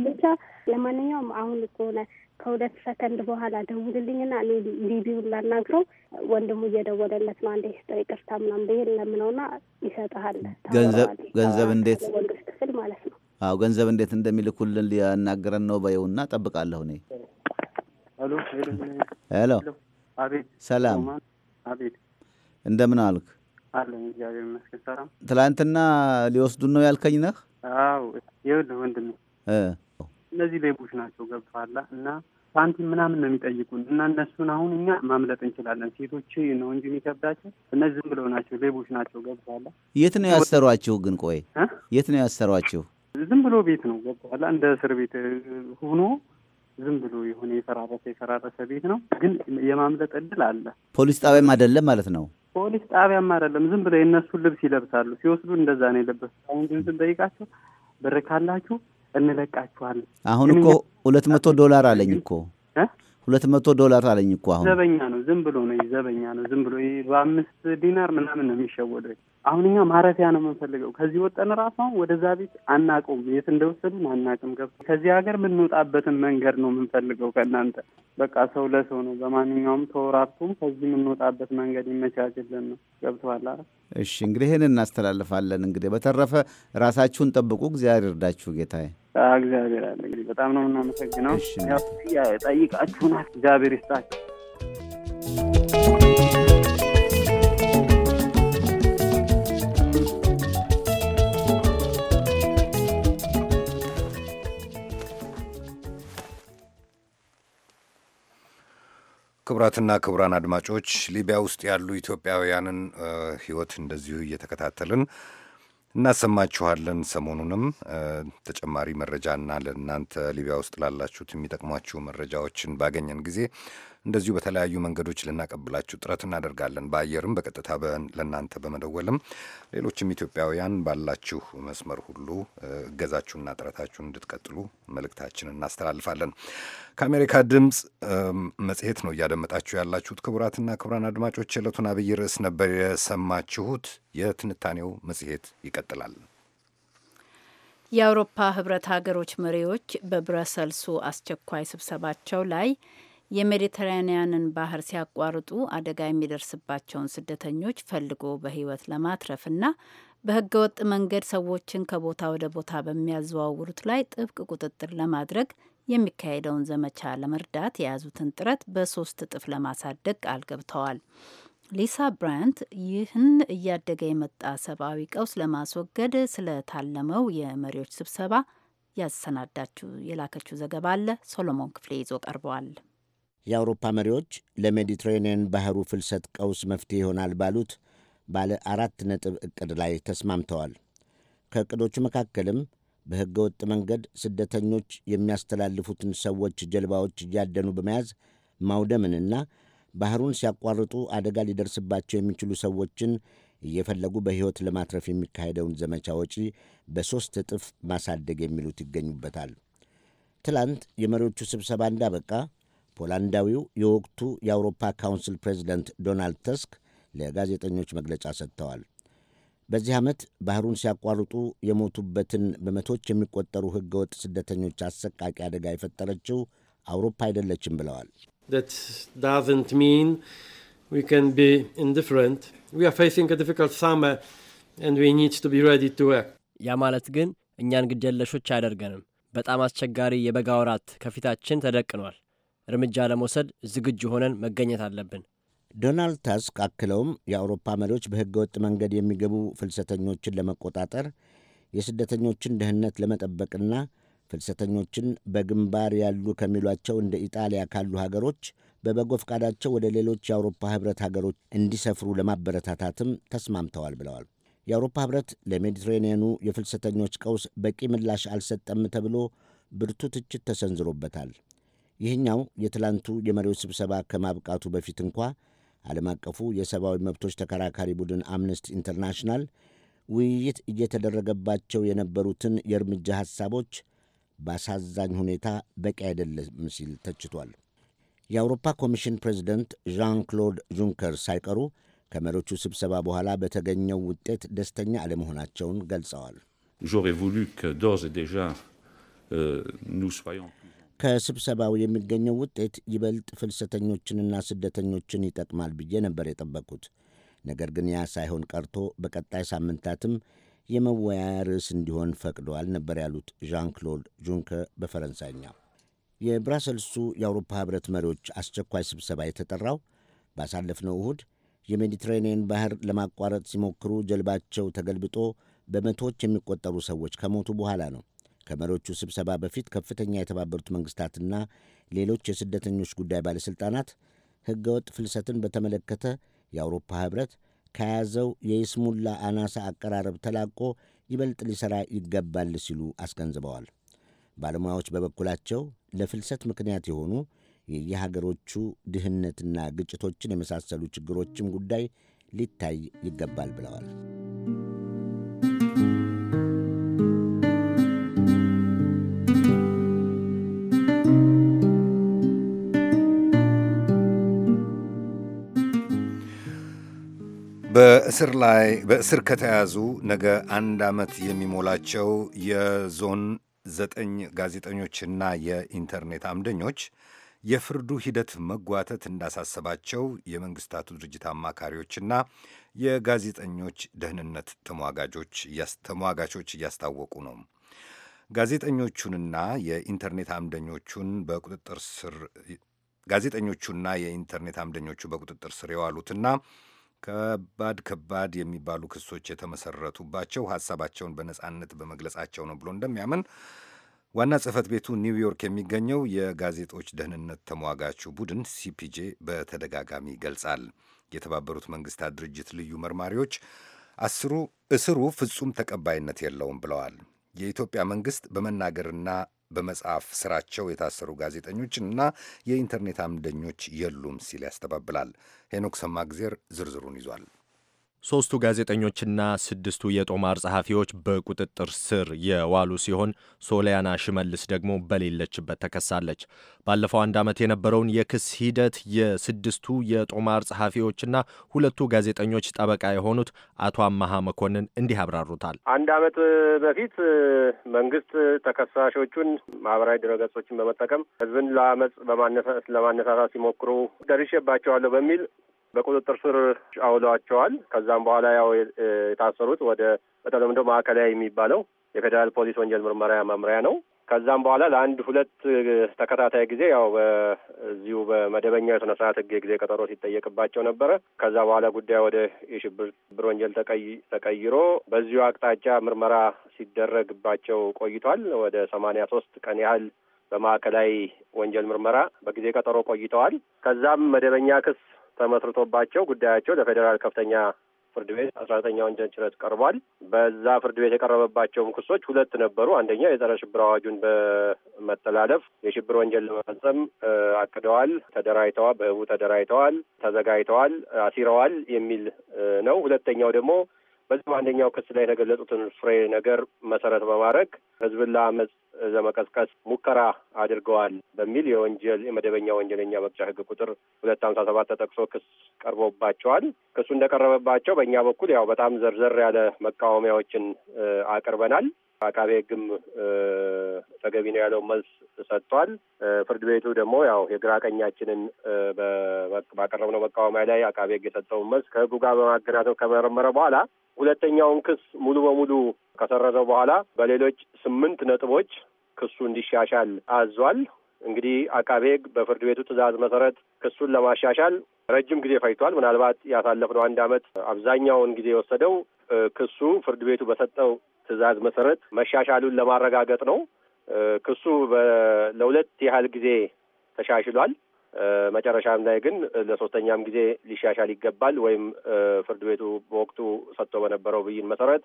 ብቻ ለማንኛውም አሁን ከሆነ ከሁለት ሰከንድ በኋላ ደውልልኝና እኔ ሊቢውን ላናግረው። ወንድሙ እየደወለለት ነው። አንዴ ስጠ ይቅርታ ምናምን ብሄል ለምነውና ይሰጠሃል። ገንዘብ ገንዘብ እንዴት ወንዶች ክፍል ማለት ነው። አዎ ገንዘብ እንዴት እንደሚልኩልን ሊያናግረን ነው። በየውና ጠብቃለሁ እኔ ሄሎ አቤት። ሰላም። አቤት። እንደምን አልክ? አለኝ እግዚአብሔር ይመስገን። ሰላም። ትላንትና ሊወስዱን ነው ያልከኝ ነህ? አዎ። ይኸውልህ ወንድሜ እነዚህ ሌቦች ናቸው ገብቶሃል። እና ሳንቲም ምናምን ነው የሚጠይቁን እና እነሱን አሁን እኛ ማምለጥ እንችላለን። ሴቶች ነው እንጂ የሚከብዳቸው እነዚህ ዝም ብለው ናቸው፣ ሌቦች ናቸው ገብቶሃል። የት ነው ያሰሯችሁ ግን? ቆይ የት ነው ያሰሯችሁ? ዝም ብሎ ቤት ነው ገብቶሃል። እንደ እስር ቤት ሆኖ ዝም ብሎ የሆነ የፈራረሰ የፈራረሰ ቤት ነው፣ ግን የማምለጥ እድል አለ። ፖሊስ ጣቢያም አይደለም ማለት ነው። ፖሊስ ጣቢያም አይደለም። ዝም ብሎ የእነሱን ልብስ ይለብሳሉ። ሲወስዱ እንደዛ ነው የለበሱ። አሁን ግን ስንጠይቃቸው ብር ካላችሁ እንለቃችኋል። አሁን እኮ ሁለት መቶ ዶላር አለኝ እኮ ሁለት መቶ ዶላር አለኝ እኮ አሁን ዘበኛ ነው። ዝም ብሎ ነው ዘበኛ ነው። ዝም ብሎ በአምስት ዲናር ምናምን ነው የሚሸወደው። አሁን እኛ ማረፊያ ነው የምንፈልገው። ከዚህ ወጠን ራሱ ወደዛ ቤት አናውቀውም፣ የት እንደወሰዱን አናቅም። ገብ ከዚህ ሀገር የምንወጣበትን መንገድ ነው የምንፈልገው ከእናንተ። በቃ ሰው ለሰው ነው፣ በማንኛውም ተወራርቱም ከዚህ የምንወጣበት መንገድ ይመቻችልን ነው። ገብተዋል። እሺ እንግዲህ ይህን እናስተላልፋለን። እንግዲህ በተረፈ ራሳችሁን ጠብቁ፣ እግዚአብሔር እርዳችሁ ጌታዬ። እግዚአብሔር አለ እንግዲህ በጣም ነው የምናመሰግነው። ጠይቃችሁናል፣ እግዚአብሔር ይስጣችሁ። ክቡራትና ክቡራን አድማጮች ሊቢያ ውስጥ ያሉ ኢትዮጵያውያንን ሕይወት እንደዚሁ እየተከታተልን እናሰማችኋለን። ሰሞኑንም ተጨማሪ መረጃና ለእናንተ ሊቢያ ውስጥ ላላችሁት የሚጠቅሟችሁ መረጃዎችን ባገኘን ጊዜ እንደዚሁ በተለያዩ መንገዶች ልናቀብላችሁ ጥረት እናደርጋለን። በአየርም በቀጥታ ለእናንተ በመደወልም ሌሎችም ኢትዮጵያውያን ባላችሁ መስመር ሁሉ እገዛችሁና ጥረታችሁን እንድትቀጥሉ መልእክታችን እናስተላልፋለን። ከአሜሪካ ድምፅ መጽሔት ነው እያደመጣችሁ ያላችሁት። ክቡራትና ክቡራን አድማጮች የዕለቱን አብይ ርዕስ ነበር የሰማችሁት። የትንታኔው መጽሔት ይቀጥላል። የአውሮፓ ህብረት ሀገሮች መሪዎች በብረሰልሱ አስቸኳይ ስብሰባቸው ላይ የሜዲተራኒያንን ባህር ሲያቋርጡ አደጋ የሚደርስባቸውን ስደተኞች ፈልጎ ለማትረፍ ለማትረፍና በህገወጥ መንገድ ሰዎችን ከቦታ ወደ ቦታ በሚያዘዋውሩት ላይ ጥብቅ ቁጥጥር ለማድረግ የሚካሄደውን ዘመቻ ለመርዳት የያዙትን ጥረት በሶስት እጥፍ ለማሳደግ ቃል ገብተዋል። ሊሳ ብራያንት ይህን እያደገ የመጣ ሰብአዊ ቀውስ ለማስወገድ ስለታለመው የመሪዎች ስብሰባ ያሰናዳችው የላከችው ዘገባ አለ። ሶሎሞን ክፍሌ ይዞ ቀርበዋል። የአውሮፓ መሪዎች ለሜዲትሬኒየን ባህሩ ፍልሰት ቀውስ መፍትሄ ይሆናል ባሉት ባለ አራት ነጥብ እቅድ ላይ ተስማምተዋል። ከእቅዶቹ መካከልም በሕገ ወጥ መንገድ ስደተኞች የሚያስተላልፉትን ሰዎች ጀልባዎች እያደኑ በመያዝ ማውደምንና ባህሩን ሲያቋርጡ አደጋ ሊደርስባቸው የሚችሉ ሰዎችን እየፈለጉ በሕይወት ለማትረፍ የሚካሄደውን ዘመቻ ወጪ በሦስት እጥፍ ማሳደግ የሚሉት ይገኙበታል። ትላንት የመሪዎቹ ስብሰባ እንዳበቃ ፖላንዳዊው የወቅቱ የአውሮፓ ካውንስል ፕሬዚደንት ዶናልድ ተስክ ለጋዜጠኞች መግለጫ ሰጥተዋል። በዚህ ዓመት ባህሩን ሲያቋርጡ የሞቱበትን በመቶዎች የሚቆጠሩ ህገወጥ ስደተኞች አሰቃቂ አደጋ የፈጠረችው አውሮፓ አይደለችም ብለዋል። ያ ማለት ግን እኛን ግድ አያደርገንም። በጣም አስቸጋሪ የበጋ ወራት ከፊታችን ተደቅኗል። እርምጃ ለመውሰድ ዝግጁ ሆነን መገኘት አለብን። ዶናልድ ታስክ አክለውም የአውሮፓ መሪዎች በሕገ ወጥ መንገድ የሚገቡ ፍልሰተኞችን ለመቆጣጠር የስደተኞችን ደህንነት ለመጠበቅና ፍልሰተኞችን በግንባር ያሉ ከሚሏቸው እንደ ኢጣሊያ ካሉ ሀገሮች በበጎ ፈቃዳቸው ወደ ሌሎች የአውሮፓ ህብረት ሀገሮች እንዲሰፍሩ ለማበረታታትም ተስማምተዋል ብለዋል። የአውሮፓ ኅብረት ለሜዲትሬንያኑ የፍልሰተኞች ቀውስ በቂ ምላሽ አልሰጠም ተብሎ ብርቱ ትችት ተሰንዝሮበታል። ይህኛው የትላንቱ የመሪዎች ስብሰባ ከማብቃቱ በፊት እንኳ ዓለም አቀፉ የሰብአዊ መብቶች ተከራካሪ ቡድን አምነስቲ ኢንተርናሽናል ውይይት እየተደረገባቸው የነበሩትን የእርምጃ ሐሳቦች በአሳዛኝ ሁኔታ በቂ አይደለም ሲል ተችቷል። የአውሮፓ ኮሚሽን ፕሬዚደንት ዣን ክሎድ ጁንከር ሳይቀሩ ከመሪዎቹ ስብሰባ በኋላ በተገኘው ውጤት ደስተኛ አለመሆናቸውን ገልጸዋል። ከስብሰባው የሚገኘው ውጤት ይበልጥ ፍልሰተኞችንና ስደተኞችን ይጠቅማል ብዬ ነበር የጠበቅኩት። ነገር ግን ያ ሳይሆን ቀርቶ በቀጣይ ሳምንታትም የመወያያ ርዕስ እንዲሆን ፈቅደዋል ነበር ያሉት ዣን ክሎድ ጁንከር በፈረንሳይኛ። የብራሰልሱ የአውሮፓ ህብረት መሪዎች አስቸኳይ ስብሰባ የተጠራው ባሳለፍነው እሁድ የሜዲትሬንየን ባህር ለማቋረጥ ሲሞክሩ ጀልባቸው ተገልብጦ በመቶዎች የሚቆጠሩ ሰዎች ከሞቱ በኋላ ነው። ከመሪዎቹ ስብሰባ በፊት ከፍተኛ የተባበሩት መንግስታትና ሌሎች የስደተኞች ጉዳይ ባለሥልጣናት ሕገወጥ ፍልሰትን በተመለከተ የአውሮፓ ኅብረት ከያዘው የይስሙላ አናሳ አቀራረብ ተላቆ ይበልጥ ሊሠራ ይገባል ሲሉ አስገንዝበዋል። ባለሙያዎች በበኩላቸው ለፍልሰት ምክንያት የሆኑ የየሀገሮቹ ድህነትና ግጭቶችን የመሳሰሉ ችግሮችም ጉዳይ ሊታይ ይገባል ብለዋል። በእስር ላይ በእስር ከተያዙ ነገ አንድ ዓመት የሚሞላቸው የዞን ዘጠኝ ጋዜጠኞችና የኢንተርኔት አምደኞች የፍርዱ ሂደት መጓተት እንዳሳሰባቸው የመንግስታቱ ድርጅት አማካሪዎችና የጋዜጠኞች ደህንነት ተሟጋቾች እያስታወቁ ነው። ጋዜጠኞቹንና የኢንተርኔት አምደኞቹን በቁጥጥር ስር ጋዜጠኞቹና የኢንተርኔት አምደኞቹ በቁጥጥር ስር የዋሉትና ከባድ ከባድ የሚባሉ ክሶች የተመሰረቱባቸው ሀሳባቸውን በነጻነት በመግለጻቸው ነው ብሎ እንደሚያምን ዋና ጽህፈት ቤቱ ኒውዮርክ የሚገኘው የጋዜጦች ደህንነት ተሟጋቹ ቡድን ሲፒጄ በተደጋጋሚ ይገልጻል። የተባበሩት መንግስታት ድርጅት ልዩ መርማሪዎች አስሩ እስሩ ፍጹም ተቀባይነት የለውም ብለዋል። የኢትዮጵያ መንግስት በመናገርና በመጽሐፍ ስራቸው የታሰሩ ጋዜጠኞች እና የኢንተርኔት አምደኞች የሉም ሲል ያስተባብላል። ሄኖክ ሰማግዜር ዝርዝሩን ይዟል። ሦስቱ ጋዜጠኞችና ስድስቱ የጦማር ጸሐፊዎች በቁጥጥር ስር የዋሉ ሲሆን ሶሊያና ሽመልስ ደግሞ በሌለችበት ተከሳለች። ባለፈው አንድ ዓመት የነበረውን የክስ ሂደት የስድስቱ የጦማር ጸሐፊዎችና ሁለቱ ጋዜጠኞች ጠበቃ የሆኑት አቶ አመሃ መኮንን እንዲህ አብራሩታል። አንድ ዓመት በፊት መንግስት ተከሳሾቹን ማህበራዊ ድረገጾችን በመጠቀም ህዝብን ለአመፅ ለማነሳሳት ሲሞክሩ ደርሼባቸዋለሁ በሚል በቁጥጥር ስር አውለዋቸዋል። ከዛም በኋላ ያው የታሰሩት ወደ በተለምዶ ማዕከላዊ የሚባለው የፌዴራል ፖሊስ ወንጀል ምርመራ መምሪያ ነው። ከዛም በኋላ ለአንድ ሁለት ተከታታይ ጊዜ ያው በዚሁ በመደበኛ የስነ ስርዓት ጊዜ ቀጠሮ ሲጠየቅባቸው ነበረ። ከዛ በኋላ ጉዳይ ወደ የሽብር ወንጀል ተቀይሮ በዚሁ አቅጣጫ ምርመራ ሲደረግባቸው ቆይቷል። ወደ ሰማንያ ሶስት ቀን ያህል በማዕከላዊ ወንጀል ምርመራ በጊዜ ቀጠሮ ቆይተዋል። ከዛም መደበኛ ክስ ተመስርቶባቸው ጉዳያቸው ለፌዴራል ከፍተኛ ፍርድ ቤት አስራ ዘጠኛ ወንጀል ችሎት ቀርቧል። በዛ ፍርድ ቤት የቀረበባቸውም ክሶች ሁለት ነበሩ። አንደኛው የጸረ ሽብር አዋጁን በመተላለፍ የሽብር ወንጀል ለመፈጸም አቅደዋል፣ ተደራጅተዋል፣ በህቡ ተደራጅተዋል፣ ተዘጋጅተዋል፣ አሲረዋል የሚል ነው። ሁለተኛው ደግሞ በዚህ በአንደኛው ክስ ላይ የተገለጹትን ፍሬ ነገር መሰረት በማድረግ ህዝብን ለአመፅ ለመቀስቀስ ሙከራ አድርገዋል በሚል የወንጀል የመደበኛ ወንጀለኛ መቅጫ ህግ ቁጥር ሁለት ሀምሳ ሰባት ተጠቅሶ ክስ ቀርቦባቸዋል። ክሱ እንደቀረበባቸው በእኛ በኩል ያው በጣም ዘርዘር ያለ መቃወሚያዎችን አቅርበናል። አቃቤ ህግም ተገቢ ነው ያለው መልስ ሰጥቷል። ፍርድ ቤቱ ደግሞ ያው የግራ ቀኛችንን ባቀረብነው መቃወሚያ ላይ አቃቤ ህግ የሰጠውን መልስ ከህጉ ጋር በማገናዘብ ከመረመረ በኋላ ሁለተኛውን ክስ ሙሉ በሙሉ ከሰረዘው በኋላ በሌሎች ስምንት ነጥቦች ክሱ እንዲሻሻል አዟል። እንግዲህ አቃቤ ሕግ በፍርድ ቤቱ ትዕዛዝ መሰረት ክሱን ለማሻሻል ረጅም ጊዜ ፈጅቷል። ምናልባት ያሳለፍነው አንድ ዓመት አብዛኛውን ጊዜ የወሰደው ክሱ ፍርድ ቤቱ በሰጠው ትዕዛዝ መሰረት መሻሻሉን ለማረጋገጥ ነው። ክሱ ለሁለት ያህል ጊዜ ተሻሽሏል። መጨረሻም ላይ ግን ለሶስተኛም ጊዜ ሊሻሻል ይገባል ወይም ፍርድ ቤቱ በወቅቱ ሰጥቶ በነበረው ብይን መሰረት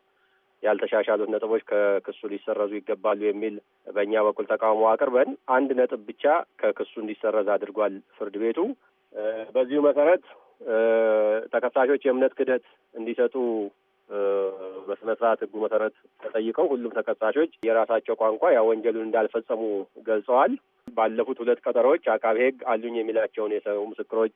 ያልተሻሻሉት ነጥቦች ከክሱ ሊሰረዙ ይገባሉ የሚል በእኛ በኩል ተቃውሞ አቅርበን አንድ ነጥብ ብቻ ከክሱ እንዲሰረዝ አድርጓል ፍርድ ቤቱ። በዚሁ መሰረት ተከሳሾች የእምነት ክህደት እንዲሰጡ በስነ ስርዓት ህጉ መሰረት ተጠይቀው ሁሉም ተከሳሾች የራሳቸው ቋንቋ ያ ወንጀሉን እንዳልፈጸሙ ገልጸዋል። ባለፉት ሁለት ቀጠሮዎች አቃቤ ሕግ አሉኝ የሚላቸውን የሰው ምስክሮች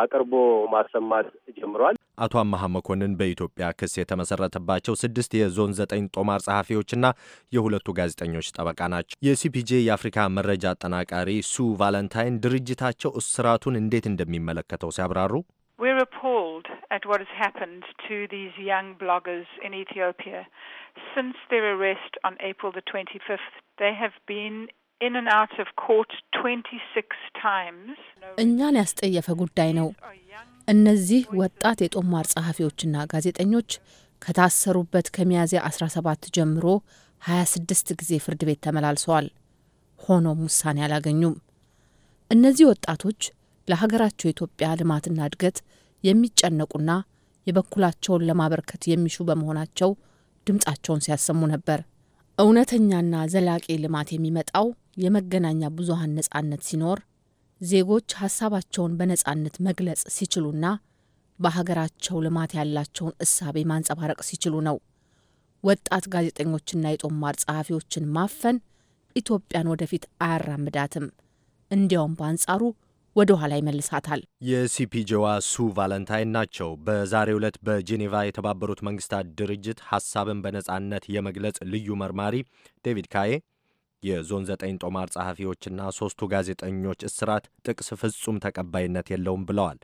አቅርቦ ማሰማት ጀምሯል። አቶ አማሃ መኮንን በኢትዮጵያ ክስ የተመሰረተባቸው ስድስት የዞን ዘጠኝ ጦማር ጸሐፊዎችና የሁለቱ ጋዜጠኞች ጠበቃ ናቸው። የሲፒጄ የአፍሪካ መረጃ አጠናቃሪ ሱ ቫለንታይን ድርጅታቸው እስራቱን እንዴት እንደሚመለከተው ሲያብራሩ እኛን ያስጠየፈ ጉዳይ ነው። እነዚህ ወጣት የጦማር ጸሐፊዎችና ጋዜጠኞች ከታሰሩበት ከሚያዝያ 17 ጀምሮ 26 ጊዜ ፍርድ ቤት ተመላልሰዋል። ሆኖም ውሳኔ አላገኙም። እነዚህ ወጣቶች ለሀገራቸው የኢትዮጵያ ልማትና እድገት የሚጨነቁና የበኩላቸውን ለማበርከት የሚሹ በመሆናቸው ድምፃቸውን ሲያሰሙ ነበር። እውነተኛና ዘላቂ ልማት የሚመጣው የመገናኛ ብዙሀን ነጻነት ሲኖር ዜጎች ሀሳባቸውን በነጻነት መግለጽ ሲችሉና በሀገራቸው ልማት ያላቸውን እሳቤ ማንጸባረቅ ሲችሉ ነው። ወጣት ጋዜጠኞችና የጦማር ጸሐፊዎችን ማፈን ኢትዮጵያን ወደፊት አያራምዳትም፣ እንዲያውም በአንጻሩ ወደ ኋላ ይመልሳታል። የሲፒጄዋ ሱ ቫለንታይን ናቸው። በዛሬው ዕለት በጄኔቫ የተባበሩት መንግስታት ድርጅት ሀሳብን በነጻነት የመግለጽ ልዩ መርማሪ ዴቪድ ካዬ የዞን ዘጠኝ ጦማር ጸሐፊዎችና ሦስቱ ጋዜጠኞች እስራት ጥቅስ ፍጹም ተቀባይነት የለውም ብለዋል።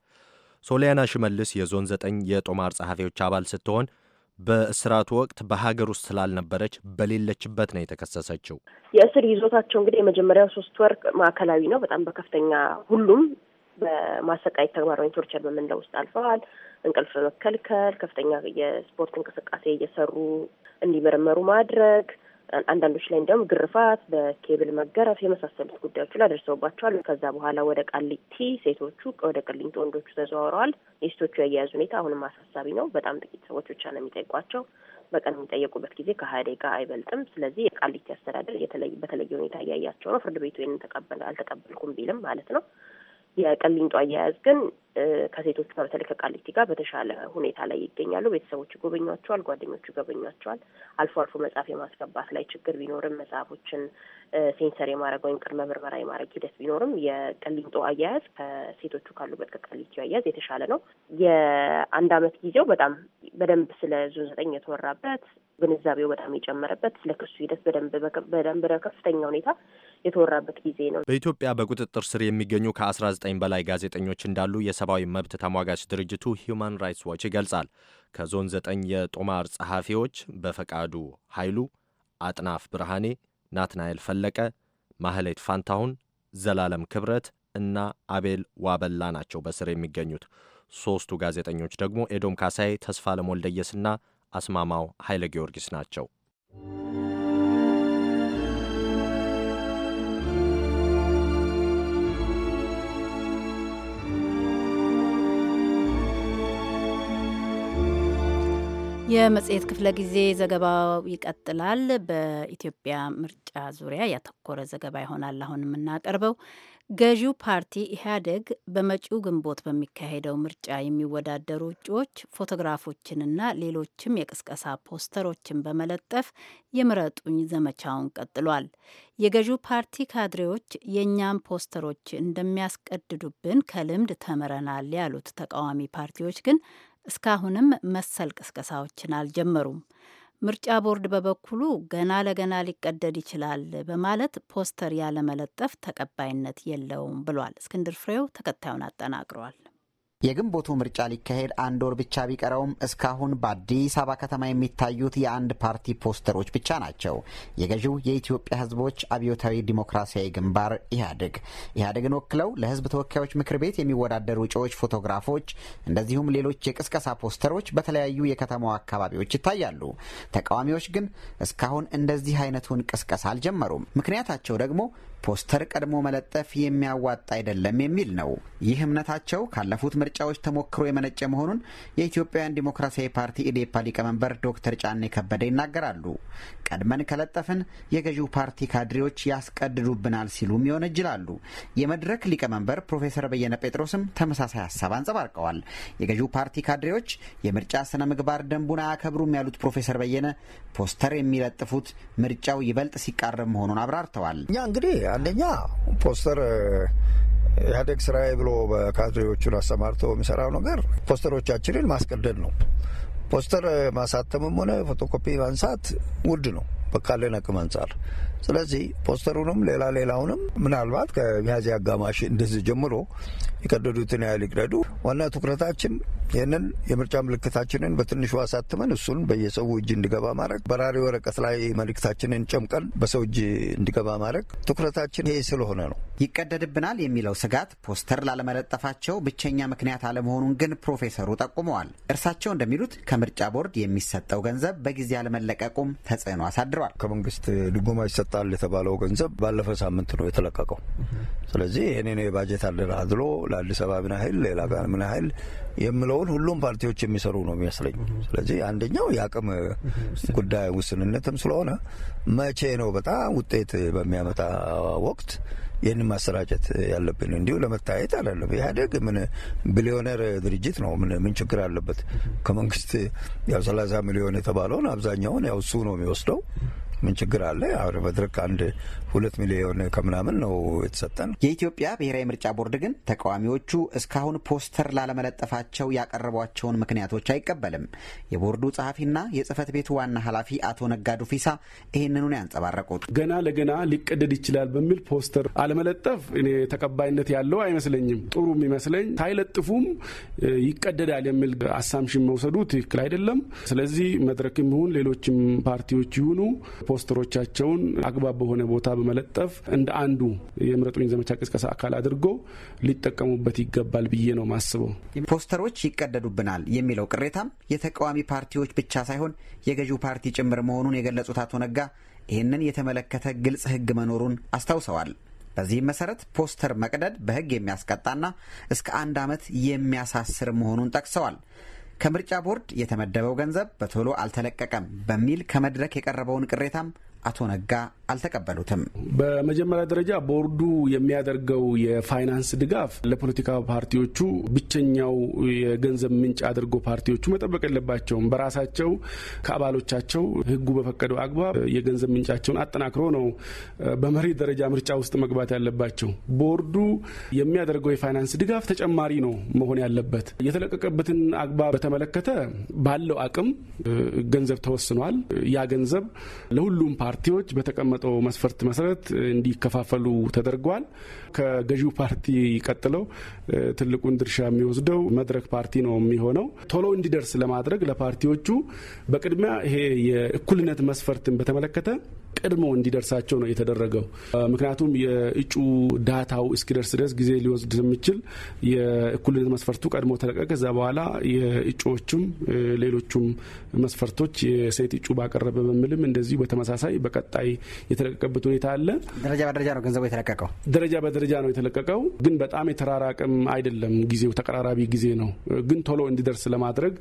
ሶሊያና ሽመልስ የዞን ዘጠኝ የጦማር ጸሐፊዎች አባል ስትሆን በእስራቱ ወቅት በሀገር ውስጥ ስላልነበረች በሌለችበት ነው የተከሰሰችው። የእስር ይዞታቸው እንግዲህ የመጀመሪያው ሶስት ወር ማዕከላዊ ነው። በጣም በከፍተኛ ሁሉም በማሰቃየት ተግባር ወይም ቶርቸር በምንለው ውስጥ አልፈዋል። እንቅልፍ መከልከል፣ ከፍተኛ የስፖርት እንቅስቃሴ እየሰሩ እንዲመረመሩ ማድረግ፣ አንዳንዶች ላይ እንዲያውም ግርፋት፣ በኬብል መገረፍ የመሳሰሉት ጉዳዮች ላይ ደርሰውባቸዋል። ከዛ በኋላ ወደ ቃሊቲ ሴቶቹ፣ ወደ ቅሊንጦ ወንዶቹ ተዘዋውረዋል። የሴቶቹ የአያያዝ ሁኔታ አሁንም አሳሳቢ ነው። በጣም ጥቂት ሰዎች ብቻ ነው የሚጠይቋቸው። በቀን የሚጠየቁበት ጊዜ ከሀያ ደቂቃ አይበልጥም። ስለዚህ የቃሊቲ አስተዳደር በተለየ ሁኔታ እያያቸው ነው። ፍርድ ቤቱ ይህንን አልተቀበልኩም ቢልም ማለት ነው የቅሊንጦ አያያዝ ግን ከሴቶች ጋር በተለይ ከቃሊቲ ጋር በተሻለ ሁኔታ ላይ ይገኛሉ። ቤተሰቦች ይጎበኟቸዋል፣ ጓደኞቹ ይጎበኟቸዋል። አልፎ አልፎ መጽሐፍ የማስገባት ላይ ችግር ቢኖርም መጽሐፎችን ሴንሰር የማድረግ ወይም ቅድመ ምርመራ የማድረግ ሂደት ቢኖርም የቅሊንጦ አያያዝ ከሴቶቹ ካሉበት ከቃሊቲ አያያዝ የተሻለ ነው። የአንድ አመት ጊዜው በጣም በደንብ ስለ ዞን ዘጠኝ የተወራበት ግንዛቤው በጣም የጨመረበት ስለ ክሱ ሂደት በደንብ በከፍተኛ ሁኔታ የተወራበት ጊዜ ነው። በኢትዮጵያ በቁጥጥር ስር የሚገኙ ከ19 በላይ ጋዜጠኞች እንዳሉ የሰብአዊ መብት ተሟጋች ድርጅቱ ሂዩማን ራይትስ ዋች ይገልጻል። ከዞን ዘጠኝ የጦማር ጸሐፊዎች በፈቃዱ ኃይሉ፣ አጥናፍ ብርሃኔ፣ ናትናኤል ፈለቀ፣ ማህሌት ፋንታሁን፣ ዘላለም ክብረት እና አቤል ዋበላ ናቸው በስር የሚገኙት። ሦስቱ ጋዜጠኞች ደግሞ ኤዶም ካሳይ ተስፋ ለሞልደየስና አስማማው ኃይለ ጊዮርጊስ ናቸው። የመጽሔት ክፍለ ጊዜ ዘገባው ይቀጥላል። በኢትዮጵያ ምርጫ ዙሪያ ያተኮረ ዘገባ ይሆናል አሁን የምናቀርበው። ገዢው ፓርቲ ኢህአዴግ በመጪው ግንቦት በሚካሄደው ምርጫ የሚወዳደሩ እጩዎች ፎቶግራፎችንና ሌሎችም የቅስቀሳ ፖስተሮችን በመለጠፍ የምረጡኝ ዘመቻውን ቀጥሏል። የገዢው ፓርቲ ካድሬዎች የእኛም ፖስተሮች እንደሚያስቀድዱብን ከልምድ ተምረናል ያሉት ተቃዋሚ ፓርቲዎች ግን እስካሁንም መሰል ቅስቀሳዎችን አልጀመሩም። ምርጫ ቦርድ በበኩሉ ገና ለገና ሊቀደድ ይችላል በማለት ፖስተር ያለመለጠፍ ተቀባይነት የለውም ብሏል። እስክንድር ፍሬው ተከታዩን አጠናቅሯል። የግንቦቱ ምርጫ ሊካሄድ አንድ ወር ብቻ ቢቀረውም እስካሁን በአዲስ አበባ ከተማ የሚታዩት የአንድ ፓርቲ ፖስተሮች ብቻ ናቸው። የገዢው የኢትዮጵያ ሕዝቦች አብዮታዊ ዲሞክራሲያዊ ግንባር ኢህአዴግ ኢህአዴግን ወክለው ለሕዝብ ተወካዮች ምክር ቤት የሚወዳደሩ እጩዎች ፎቶግራፎች፣ እንደዚሁም ሌሎች የቅስቀሳ ፖስተሮች በተለያዩ የከተማው አካባቢዎች ይታያሉ። ተቃዋሚዎች ግን እስካሁን እንደዚህ አይነቱን ቅስቀሳ አልጀመሩም። ምክንያታቸው ደግሞ ፖስተር ቀድሞ መለጠፍ የሚያዋጣ አይደለም የሚል ነው። ይህ እምነታቸው ካለፉት ምርጫዎች ተሞክሮ የመነጨ መሆኑን የኢትዮጵያውያን ዲሞክራሲያዊ ፓርቲ ኢዴፓ ሊቀመንበር ዶክተር ጫኔ ከበደ ይናገራሉ። ቀድመን ከለጠፍን የገዢው ፓርቲ ካድሬዎች ያስቀድዱብናል ሲሉም ይወነጅላሉ። የመድረክ ሊቀመንበር ፕሮፌሰር በየነ ጴጥሮስም ተመሳሳይ ሀሳብ አንጸባርቀዋል። የገዢው ፓርቲ ካድሬዎች የምርጫ ስነ ምግባር ደንቡን አያከብሩም ያሉት ፕሮፌሰር በየነ ፖስተር የሚለጥፉት ምርጫው ይበልጥ ሲቃረብ መሆኑን አብራርተዋል። እኛ እንግዲህ አንደኛ ፖስተር ኢህአዴግ ስራዬ ብሎ በካድሬዎቹን አሰማርቶ የሚሰራው ነገር ፖስተሮቻችንን ማስቀደድ ነው። ፖስተር ማሳተምም ሆነ ፎቶኮፒ ማንሳት ውድ ነው። በካለን አቅም አንጻር ስለዚህ ፖስተሩንም ሌላ ሌላውንም ምናልባት ከሚያዝያ አጋማሽ እንደዚህ ጀምሮ የቀደዱትን ያህል ይቅደዱ። ዋና ትኩረታችን ይህንን የምርጫ ምልክታችንን በትንሹ አሳትመን እሱን በየሰው እጅ እንዲገባ ማድረግ፣ በራሪ ወረቀት ላይ መልእክታችንን ጨምቀን በሰው እጅ እንዲገባ ማድረግ ትኩረታችን ይሄ ስለሆነ ነው። ይቀደድብናል የሚለው ስጋት ፖስተር ላለመለጠፋቸው ብቸኛ ምክንያት አለመሆኑን ግን ፕሮፌሰሩ ጠቁመዋል። እርሳቸው እንደሚሉት ከምርጫ ቦርድ የሚሰጠው ገንዘብ በጊዜ አለመለቀቁም ተጽዕኖ አሳድሯል። ከመንግስት ድጎማ ይሰጥ ይሰጣል የተባለው ገንዘብ ባለፈ ሳምንት ነው የተለቀቀው። ስለዚህ ይህንን የባጀት አደራድሎ ለአዲስ አበባ ምን ያህል ሌላ ጋር ምን ያህል የምለውን ሁሉም ፓርቲዎች የሚሰሩ ነው የሚመስለኝ። ስለዚህ አንደኛው የአቅም ጉዳይ ውስንነትም ስለሆነ መቼ ነው በጣም ውጤት በሚያመጣ ወቅት ይህን ማሰራጨት ያለብን እንዲሁ ለመታየት አይደለም። ኢህአዴግ ምን ቢሊዮነር ድርጅት ነው፣ ምን ምን ችግር አለበት? ከመንግስት ያው ሰላሳ ሚሊዮን የተባለውን አብዛኛውን ያው እሱ ነው የሚወስደው። ምን ችግር አለ? አብረን መድረክ አንድ ሁለት ሚሊዮን ከምናምን ነው የተሰጠን። የኢትዮጵያ ብሔራዊ ምርጫ ቦርድ ግን ተቃዋሚዎቹ እስካሁን ፖስተር ላለመለጠፋቸው ያቀረቧቸውን ምክንያቶች አይቀበልም። የቦርዱ ጸሐፊና የጽህፈት ቤቱ ዋና ኃላፊ አቶ ነጋዱ ፊሳ ይህንኑን ያንጸባረቁት ገና ለገና ሊቀደድ ይችላል በሚል ፖስተር አለመለጠፍ እኔ ተቀባይነት ያለው አይመስለኝም። ጥሩ የሚመስለኝ ሳይለጥፉም ይቀደዳል የሚል አሳምሽን መውሰዱ ትክክል አይደለም። ስለዚህ መድረክም ይሁን ሌሎችም ፓርቲዎች ይሁኑ ፖስተሮቻቸውን አግባብ በሆነ ቦታ በመለጠፍ እንደ አንዱ የምረጡኝ ዘመቻ ቅስቀሳ አካል አድርጎ ሊጠቀሙበት ይገባል ብዬ ነው ማስበው። ፖስተሮች ይቀደዱብናል የሚለው ቅሬታም የተቃዋሚ ፓርቲዎች ብቻ ሳይሆን የገዢው ፓርቲ ጭምር መሆኑን የገለጹት አቶ ነጋ ይህንን የተመለከተ ግልጽ ሕግ መኖሩን አስታውሰዋል። በዚህም መሰረት ፖስተር መቅደድ በሕግ የሚያስቀጣና እስከ አንድ ዓመት የሚያሳስር መሆኑን ጠቅሰዋል። ከምርጫ ቦርድ የተመደበው ገንዘብ በቶሎ አልተለቀቀም በሚል ከመድረክ የቀረበውን ቅሬታም አቶ ነጋ አልተቀበሉትም። በመጀመሪያ ደረጃ ቦርዱ የሚያደርገው የፋይናንስ ድጋፍ ለፖለቲካ ፓርቲዎቹ ብቸኛው የገንዘብ ምንጭ አድርጎ ፓርቲዎቹ መጠበቅ የለባቸውም። በራሳቸው ከአባሎቻቸው ሕጉ በፈቀደው አግባብ የገንዘብ ምንጫቸውን አጠናክሮ ነው በመሬት ደረጃ ምርጫ ውስጥ መግባት ያለባቸው። ቦርዱ የሚያደርገው የፋይናንስ ድጋፍ ተጨማሪ ነው መሆን ያለበት። የተለቀቀበትን አግባብ በተመለከተ ባለው አቅም ገንዘብ ተወስኗል። ያ ገንዘብ ለሁሉም ፓርቲዎች በተቀመጠው መስፈርት መሰረት እንዲከፋፈሉ ተደርጓል። ከገዢው ፓርቲ ቀጥለው ትልቁን ድርሻ የሚወስደው መድረክ ፓርቲ ነው የሚሆነው። ቶሎ እንዲደርስ ለማድረግ ለፓርቲዎቹ በቅድሚያ ይሄ የእኩልነት መስፈርትን በተመለከተ ቀድሞ እንዲደርሳቸው ነው የተደረገው። ምክንያቱም የእጩ ዳታው እስኪደርስ ድረስ ጊዜ ሊወስድ ስለሚችል የእኩልነት መስፈርቱ ቀድሞ ተለቀቀ። ከዛ በኋላ የእጩዎቹም ሌሎቹም መስፈርቶች የሴት እጩ ባቀረበ በሚልም እንደዚሁ በተመሳሳይ በቀጣይ የተለቀቀበት ሁኔታ አለ። ደረጃ በደረጃ ነው ገንዘቡ የተለቀቀው፣ ደረጃ በደረጃ ነው የተለቀቀው። ግን በጣም የተራራቅም አይደለም። ጊዜው ተቀራራቢ ጊዜ ነው። ግን ቶሎ እንዲደርስ ለማድረግ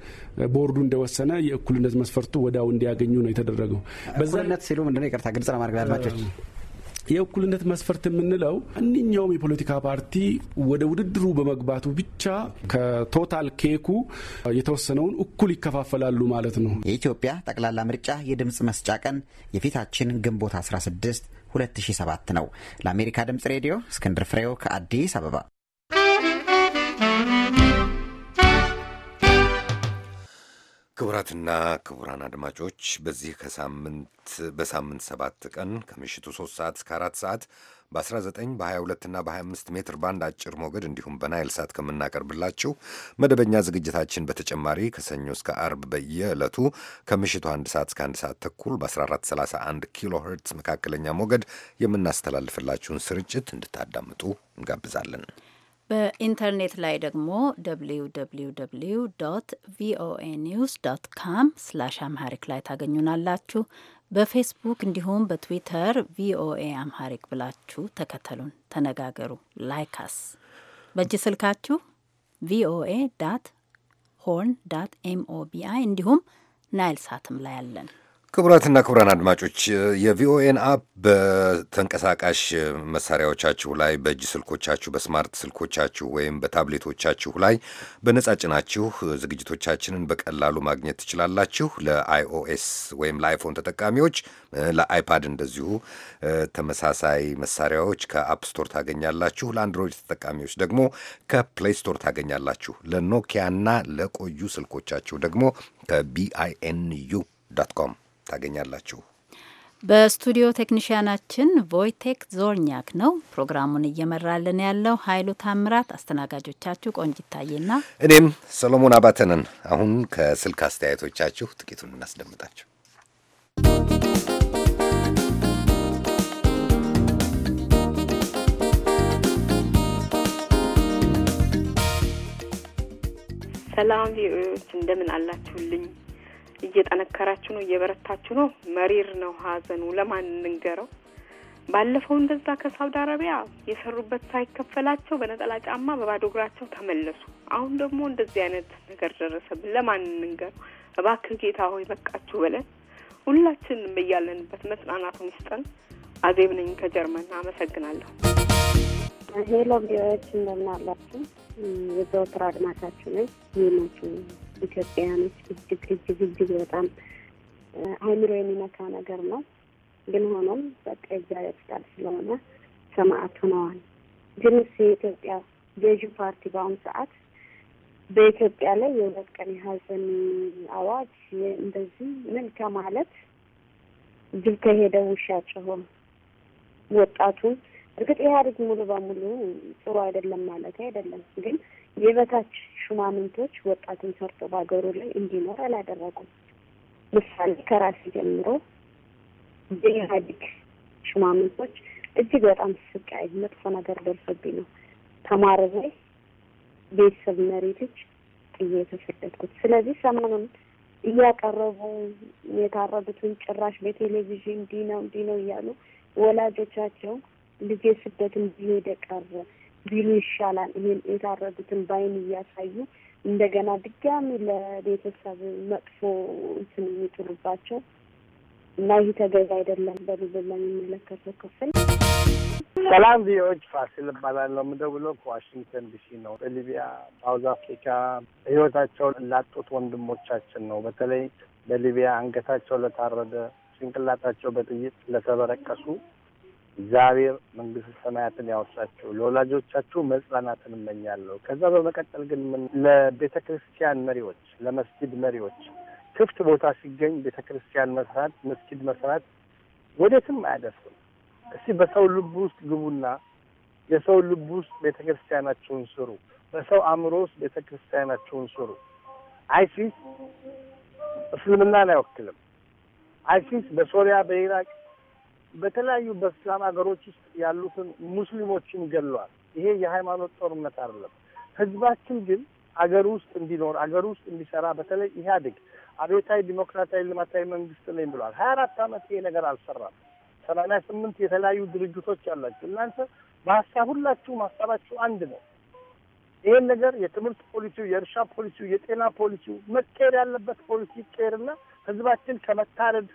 ቦርዱ እንደወሰነ የእኩልነት መስፈርቱ ወዲያው እንዲያገኙ ነው የተደረገው። በዛነት ሲሉ ምንድነው ይቅርታ ግልጽ ለማድረግ ለአድማጮች የእኩልነት መስፈርት የምንለው እንኛውም የፖለቲካ ፓርቲ ወደ ውድድሩ በመግባቱ ብቻ ከቶታል ኬኩ የተወሰነውን እኩል ይከፋፈላሉ ማለት ነው። የኢትዮጵያ ጠቅላላ ምርጫ የድምፅ መስጫ ቀን የፊታችን ግንቦት 16 2007 ነው። ለአሜሪካ ድምፅ ሬዲዮ እስክንድር ፍሬው ከአዲስ አበባ ክቡራትና ክቡራን አድማጮች በዚህ ከሳምንት በሳምንት ሰባት ቀን ከምሽቱ 3 ሰዓት እስከ 4 ሰዓት በ19 በ22ና በ25 ሜትር ባንድ አጭር ሞገድ እንዲሁም በናይል ሳት ከምናቀርብላችሁ መደበኛ ዝግጅታችን በተጨማሪ ከሰኞ እስከ አርብ በየዕለቱ ከምሽቱ 1 ሰዓት እስከ 1 ሰዓት ተኩል በ1431 ኪሎ ሄርትስ መካከለኛ ሞገድ የምናስተላልፍላችሁን ስርጭት እንድታዳምጡ እንጋብዛለን። በኢንተርኔት ላይ ደግሞ ደብልዩ ደብልዩ ደብልዩ ዶት ቪኦኤ ኒውስ ዶት ካም ስላሽ አምሃሪክ ላይ ታገኙናላችሁ። በፌስቡክ እንዲሁም በትዊተር ቪኦኤ አምሃሪክ ብላችሁ ተከተሉን፣ ተነጋገሩ፣ ላይካስ በእጅ ስልካችሁ ቪኦኤ ዳት ሆርን ዳት ኤምኦቢአይ እንዲሁም ናይል ሳትም ላይ አለን። ክቡራትና ክቡራን አድማጮች የቪኦኤን አፕ በተንቀሳቃሽ መሳሪያዎቻችሁ ላይ በእጅ ስልኮቻችሁ፣ በስማርት ስልኮቻችሁ ወይም በታብሌቶቻችሁ ላይ በነጻ ጭናችሁ ዝግጅቶቻችንን በቀላሉ ማግኘት ትችላላችሁ። ለአይኦኤስ ወይም ለአይፎን ተጠቃሚዎች፣ ለአይፓድ እንደዚሁ ተመሳሳይ መሳሪያዎች ከአፕ ስቶር ታገኛላችሁ። ለአንድሮይድ ተጠቃሚዎች ደግሞ ከፕሌይ ስቶር ታገኛላችሁ። ለኖኪያና ለቆዩ ስልኮቻችሁ ደግሞ ከቢአይኤንዩ ዳት ኮም ታገኛላችሁ። በስቱዲዮ ቴክኒሽያናችን ቮይቴክ ዞርኛክ ነው። ፕሮግራሙን እየመራልን ያለው ኃይሉ ታምራት፣ አስተናጋጆቻችሁ ቆንጅ ይታየና እኔም ሰሎሞን አባተንን። አሁን ከስልክ አስተያየቶቻችሁ ጥቂቱን እናስደምጣችሁ። ሰላም ቪኦኤዎች እንደምን አላችሁልኝ? እየጠነከራችሁ ነው፣ እየበረታችሁ ነው። መሪር ነው ሀዘኑ፣ ለማን እንንገረው? ባለፈው እንደዛ ከሳውዲ አረቢያ የሰሩበት ሳይከፈላቸው በነጠላ ጫማ በባዶ እግራቸው ተመለሱ። አሁን ደግሞ እንደዚህ አይነት ነገር ደረሰብን፣ ለማን እንንገረው? እባክህ ጌታ ሆይ በቃችሁ ብለን ሁላችንም በያለንበት መጽናናቱን ይስጠን። አዜብ ነኝ ከጀርመን አመሰግናለሁ። ሄሎ ቢዎች እንደምናላችሁ፣ አላችሁ? የዘወትር አድማቻችሁ ነኝ። ይህ ኢትዮጵያውያኖች እጅግ እጅግ እጅግ በጣም አይምሮ የሚነካ ነገር ነው። ግን ሆኖም በቃ የእግዚአብሔር ፍቃድ ስለሆነ ሰማዕት ሆነዋል። ግን እሱ የኢትዮጵያ ገዢው ፓርቲ በአሁኑ ሰዓት በኢትዮጵያ ላይ የሁለት ቀን የሀዘን አዋጅ እንደዚህ ምን ከማለት ጅብ ከሄደ ውሻ ጮኸ። ወጣቱን እርግጥ ኢህአዴግ ሙሉ በሙሉ ጥሩ አይደለም ማለት አይደለም ግን የበታች ሹማምንቶች ወጣቱን ሰርቶ በሀገሩ ላይ እንዲኖር አላደረጉም። ምሳሌ ከራሴ ጀምሮ የኢህአዴግ ሹማምንቶች እጅግ በጣም ስቃይ፣ መጥፎ ነገር ደርሶብኝ ነው ተማር ላይ ቤተሰብ መሬቶች ጥዬ የተሰደድኩት። ስለዚህ ሰሞኑን እያቀረቡ የታረዱትን ጭራሽ በቴሌቪዥን ዲ ነው ዲ ነው እያሉ ወላጆቻቸው ልጄ ስደት እንዲሄደ ቀረ ቢሉ ይሻላል። ይሄን የታረዱትን ባይን እያሳዩ እንደገና ድጋሚ ለቤተሰብ መጥፎ እንትን የሚጥሉባቸው እና ይህ ተገቢ አይደለም። በብዙ ለሚመለከተው ክፍል ሰላም ቪዎች ፋሲል እባላለሁ። የምደውለው ከዋሽንግተን ዲሲ ነው። በሊቢያ ሳውዝ አፍሪካ ህይወታቸው ላጡት ወንድሞቻችን ነው። በተለይ በሊቢያ አንገታቸው ለታረደ ጭንቅላታቸው በጥይት ለተበረቀሱ እግዚአብሔር መንግስት ሰማያትን ያወርሳቸው። ለወላጆቻችሁ መጽናናትን እመኛለሁ። ከዛ በመቀጠል ግን ለቤተ ክርስቲያን መሪዎች፣ ለመስጊድ መሪዎች ክፍት ቦታ ሲገኝ ቤተ ክርስቲያን መስራት፣ መስጊድ መስራት ወዴትም አያደርስም። እስቲ በሰው ልብ ውስጥ ግቡና የሰው ልብ ውስጥ ቤተ ክርስቲያናችሁን ስሩ። በሰው አእምሮ ውስጥ ቤተ ክርስቲያናችሁን ስሩ። አይሲስ እስልምናን አይወክልም። አይሲስ በሶሪያ በኢራቅ በተለያዩ በእስላም ሀገሮች ውስጥ ያሉትን ሙስሊሞችን ገሏል። ይሄ የሃይማኖት ጦርነት አይደለም። ህዝባችን ግን አገር ውስጥ እንዲኖር አገር ውስጥ እንዲሰራ በተለይ ኢህአዴግ አብዮታዊ ዲሞክራሲያዊ ልማታዊ መንግስት ነኝ ብሏል። ሀያ አራት አመት ይሄ ነገር አልሰራም። ሰማንያ ስምንት የተለያዩ ድርጅቶች አላችሁ እናንተ በሀሳብ ሁላችሁም ሀሳባችሁ አንድ ነው። ይሄን ነገር የትምህርት ፖሊሲው፣ የእርሻ ፖሊሲው፣ የጤና ፖሊሲው መቀየር ያለበት ፖሊሲ ይቀየርና ህዝባችን ከመታረድ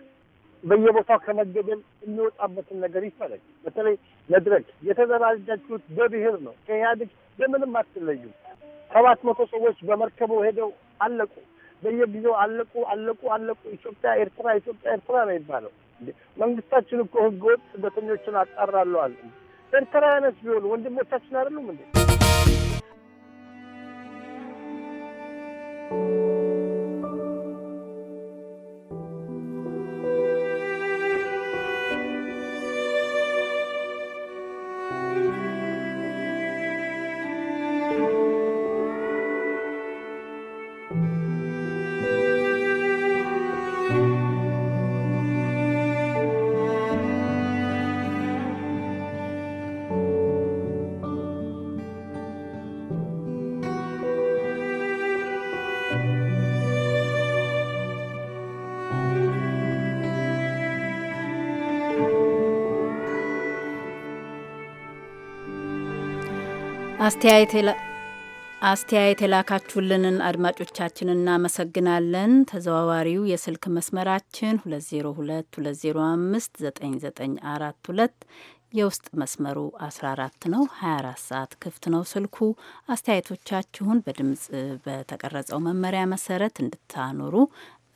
በየቦታው ከመገደል የሚወጣበትን ነገር ይፈለግ። በተለይ መድረክ የተደራጃችሁት በብሔር ነው። ከኢህአዴግ በምንም አትለዩም። ሰባት መቶ ሰዎች በመርከቡ ሄደው አለቁ። በየጊዜው አለቁ አለቁ አለቁ። ኢትዮጵያ ኤርትራ፣ ኢትዮጵያ ኤርትራ ነው የሚባለው። መንግስታችን እኮ ህገወጥ ስደተኞችን አጣራለዋል። ኤርትራውያንስ ቢሆኑ ወንድሞቻችን አይደሉም እንዴ? አስተያየት የላካችሁልንን አድማጮቻችን እናመሰግናለን። ተዘዋዋሪው የስልክ መስመራችን 2022059942 የውስጥ መስመሩ 14 ነው። 24 ሰዓት ክፍት ነው ስልኩ። አስተያየቶቻችሁን በድምፅ በተቀረጸው መመሪያ መሰረት እንድታኖሩ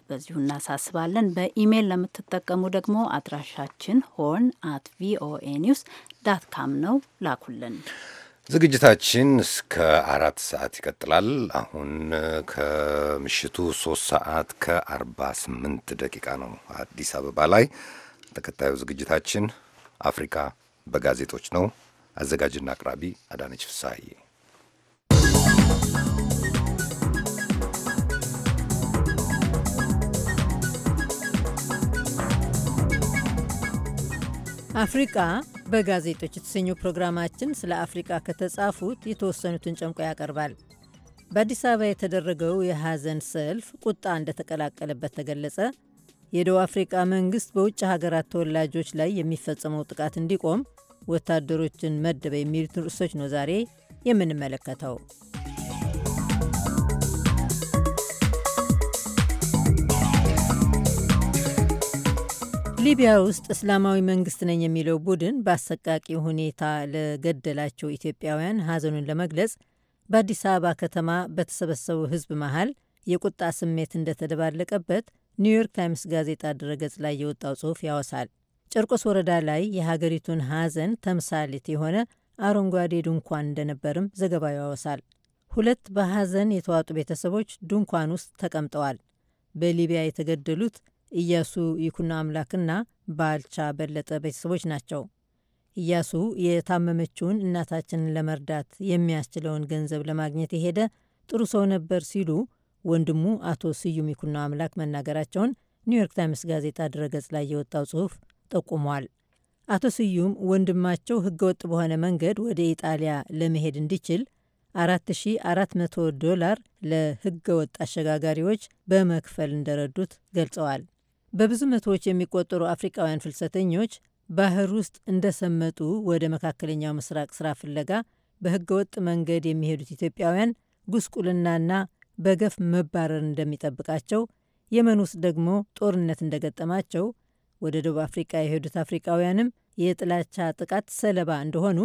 በዚሁ እናሳስባለን። በኢሜይል ለምትጠቀሙ ደግሞ አድራሻችን ሆርን አት ቪኦኤ ኒውስ ዳት ካም ነው። ላኩልን። ዝግጅታችን እስከ አራት ሰዓት ይቀጥላል። አሁን ከምሽቱ ሶስት ሰዓት ከአርባ ስምንት ደቂቃ ነው አዲስ አበባ ላይ። ተከታዩ ዝግጅታችን አፍሪካ በጋዜጦች ነው። አዘጋጅና አቅራቢ አዳነች ፍሳሐዬ። አፍሪቃ በጋዜጦች የተሰኘው ፕሮግራማችን ስለ አፍሪቃ ከተጻፉት የተወሰኑትን ጨምቆ ያቀርባል። በአዲስ አበባ የተደረገው የሐዘን ሰልፍ ቁጣ እንደተቀላቀለበት ተገለጸ። የደቡብ አፍሪቃ መንግሥት በውጭ ሀገራት ተወላጆች ላይ የሚፈጸመው ጥቃት እንዲቆም ወታደሮችን መደበ የሚሉትን ርዕሶች ነው ዛሬ የምንመለከተው። ሊቢያ ውስጥ እስላማዊ መንግስት ነኝ የሚለው ቡድን በአሰቃቂ ሁኔታ ለገደላቸው ኢትዮጵያውያን ሀዘኑን ለመግለጽ በአዲስ አበባ ከተማ በተሰበሰበው ህዝብ መሃል የቁጣ ስሜት እንደተደባለቀበት ኒውዮርክ ታይምስ ጋዜጣ ድረገጽ ላይ የወጣው ጽሑፍ ያወሳል። ጨርቆስ ወረዳ ላይ የሀገሪቱን ሀዘን ተምሳሌት የሆነ አረንጓዴ ድንኳን እንደነበርም ዘገባው ያወሳል። ሁለት በሀዘን የተዋጡ ቤተሰቦች ድንኳን ውስጥ ተቀምጠዋል። በሊቢያ የተገደሉት እያሱ ይኩኖ አምላክና ባልቻ በለጠ ቤተሰቦች ናቸው። እያሱ የታመመችውን እናታችንን ለመርዳት የሚያስችለውን ገንዘብ ለማግኘት የሄደ ጥሩ ሰው ነበር ሲሉ ወንድሙ አቶ ስዩም ይኩኖ አምላክ መናገራቸውን ኒውዮርክ ታይምስ ጋዜጣ ድረገጽ ላይ የወጣው ጽሑፍ ጠቁሟል። አቶ ስዩም ወንድማቸው ህገወጥ በሆነ መንገድ ወደ ኢጣሊያ ለመሄድ እንዲችል 4400 ዶላር ለህገወጥ አሸጋጋሪዎች በመክፈል እንደረዱት ገልጸዋል። በብዙ መቶዎች የሚቆጠሩ አፍሪቃውያን ፍልሰተኞች ባህር ውስጥ እንደሰመጡ ወደ መካከለኛው ምስራቅ ስራ ፍለጋ በህገወጥ መንገድ የሚሄዱት ኢትዮጵያውያን ጉስቁልናና በገፍ መባረር እንደሚጠብቃቸው፣ የመን ውስጥ ደግሞ ጦርነት እንደገጠማቸው፣ ወደ ደቡብ አፍሪቃ የሄዱት አፍሪቃውያንም የጥላቻ ጥቃት ሰለባ እንደሆኑ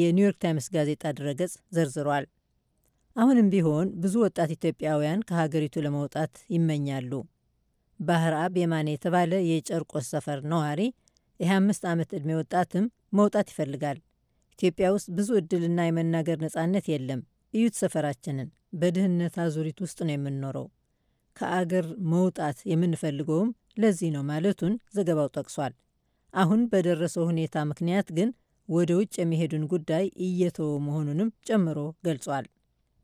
የኒውዮርክ ታይምስ ጋዜጣ ድረገጽ ዘርዝሯል። አሁንም ቢሆን ብዙ ወጣት ኢትዮጵያውያን ከሀገሪቱ ለመውጣት ይመኛሉ። ባህር አብ የማነ የተባለ የጨርቆስ ሰፈር ነዋሪ የ25 ዓመት ዕድሜ ወጣትም መውጣት ይፈልጋል። ኢትዮጵያ ውስጥ ብዙ ዕድልና የመናገር ነጻነት የለም። እዩት ሰፈራችንን፣ በድህነት አዙሪት ውስጥ ነው የምንኖረው። ከአገር መውጣት የምንፈልገውም ለዚህ ነው ማለቱን ዘገባው ጠቅሷል። አሁን በደረሰው ሁኔታ ምክንያት ግን ወደ ውጭ የሚሄዱን ጉዳይ እየተወ መሆኑንም ጨምሮ ገልጿል።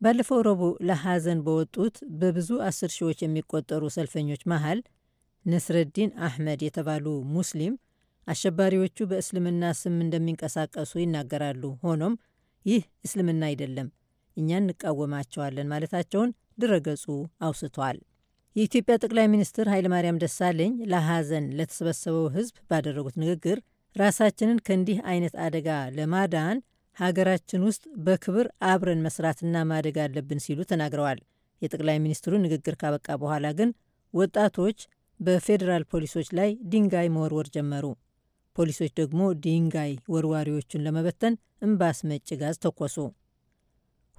ባለፈው ረቡዕ ለሐዘን በወጡት በብዙ አስር ሺዎች የሚቆጠሩ ሰልፈኞች መሃል ነስረዲን አሕመድ የተባሉ ሙስሊም አሸባሪዎቹ በእስልምና ስም እንደሚንቀሳቀሱ ይናገራሉ። ሆኖም ይህ እስልምና አይደለም፣ እኛ እንቃወማቸዋለን ማለታቸውን ድረገጹ አውስቷል። የኢትዮጵያ ጠቅላይ ሚኒስትር ኃይለማርያም ደሳለኝ ለሐዘን ለተሰበሰበው ሕዝብ ባደረጉት ንግግር ራሳችንን ከእንዲህ አይነት አደጋ ለማዳን ሀገራችን ውስጥ በክብር አብረን መስራትና ማደግ አለብን ሲሉ ተናግረዋል። የጠቅላይ ሚኒስትሩ ንግግር ካበቃ በኋላ ግን ወጣቶች በፌዴራል ፖሊሶች ላይ ድንጋይ መወርወር ጀመሩ። ፖሊሶች ደግሞ ድንጋይ ወርዋሪዎቹን ለመበተን እምባስ መጭ ጋዝ ተኮሱ።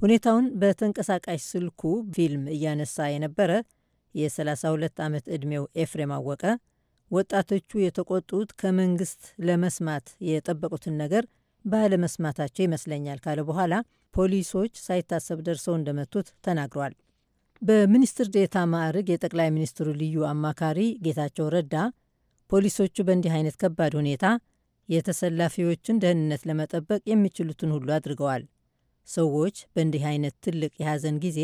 ሁኔታውን በተንቀሳቃሽ ስልኩ ፊልም እያነሳ የነበረ የ32 ዓመት ዕድሜው ኤፍሬም አወቀ ወጣቶቹ የተቆጡት ከመንግስት ለመስማት የጠበቁትን ነገር ባለመስማታቸው ይመስለኛል ካለ በኋላ ፖሊሶች ሳይታሰብ ደርሰው እንደመቱት ተናግሯል። በሚኒስትር ዴታ ማዕርግ የጠቅላይ ሚኒስትሩ ልዩ አማካሪ ጌታቸው ረዳ ፖሊሶቹ በእንዲህ አይነት ከባድ ሁኔታ የተሰላፊዎችን ደህንነት ለመጠበቅ የሚችሉትን ሁሉ አድርገዋል። ሰዎች በእንዲህ አይነት ትልቅ የሐዘን ጊዜ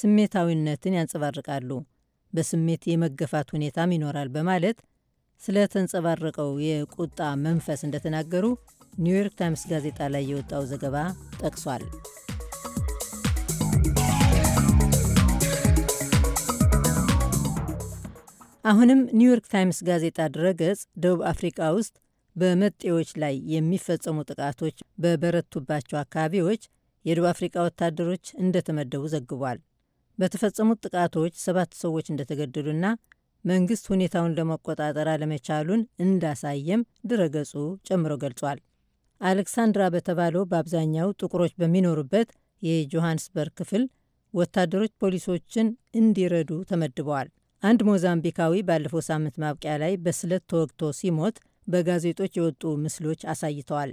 ስሜታዊነትን ያንጸባርቃሉ፣ በስሜት የመገፋት ሁኔታም ይኖራል በማለት ስለ ተንጸባረቀው የቁጣ መንፈስ እንደተናገሩ ኒውዮርክ ታይምስ ጋዜጣ ላይ የወጣው ዘገባ ጠቅሷል። አሁንም ኒውዮርክ ታይምስ ጋዜጣ ድረገጽ ደቡብ አፍሪካ ውስጥ በመጤዎች ላይ የሚፈጸሙ ጥቃቶች በበረቱባቸው አካባቢዎች የደቡብ አፍሪካ ወታደሮች እንደተመደቡ ዘግቧል። በተፈጸሙት ጥቃቶች ሰባት ሰዎች እንደተገደሉና መንግስት ሁኔታውን ለመቆጣጠር አለመቻሉን እንዳሳየም ድረገጹ ጨምሮ ገልጿል። አሌክሳንድራ በተባለው በአብዛኛው ጥቁሮች በሚኖሩበት የጆሃንስበርግ ክፍል ወታደሮች ፖሊሶችን እንዲረዱ ተመድበዋል። አንድ ሞዛምቢካዊ ባለፈው ሳምንት ማብቂያ ላይ በስለት ተወግቶ ሲሞት በጋዜጦች የወጡ ምስሎች አሳይተዋል።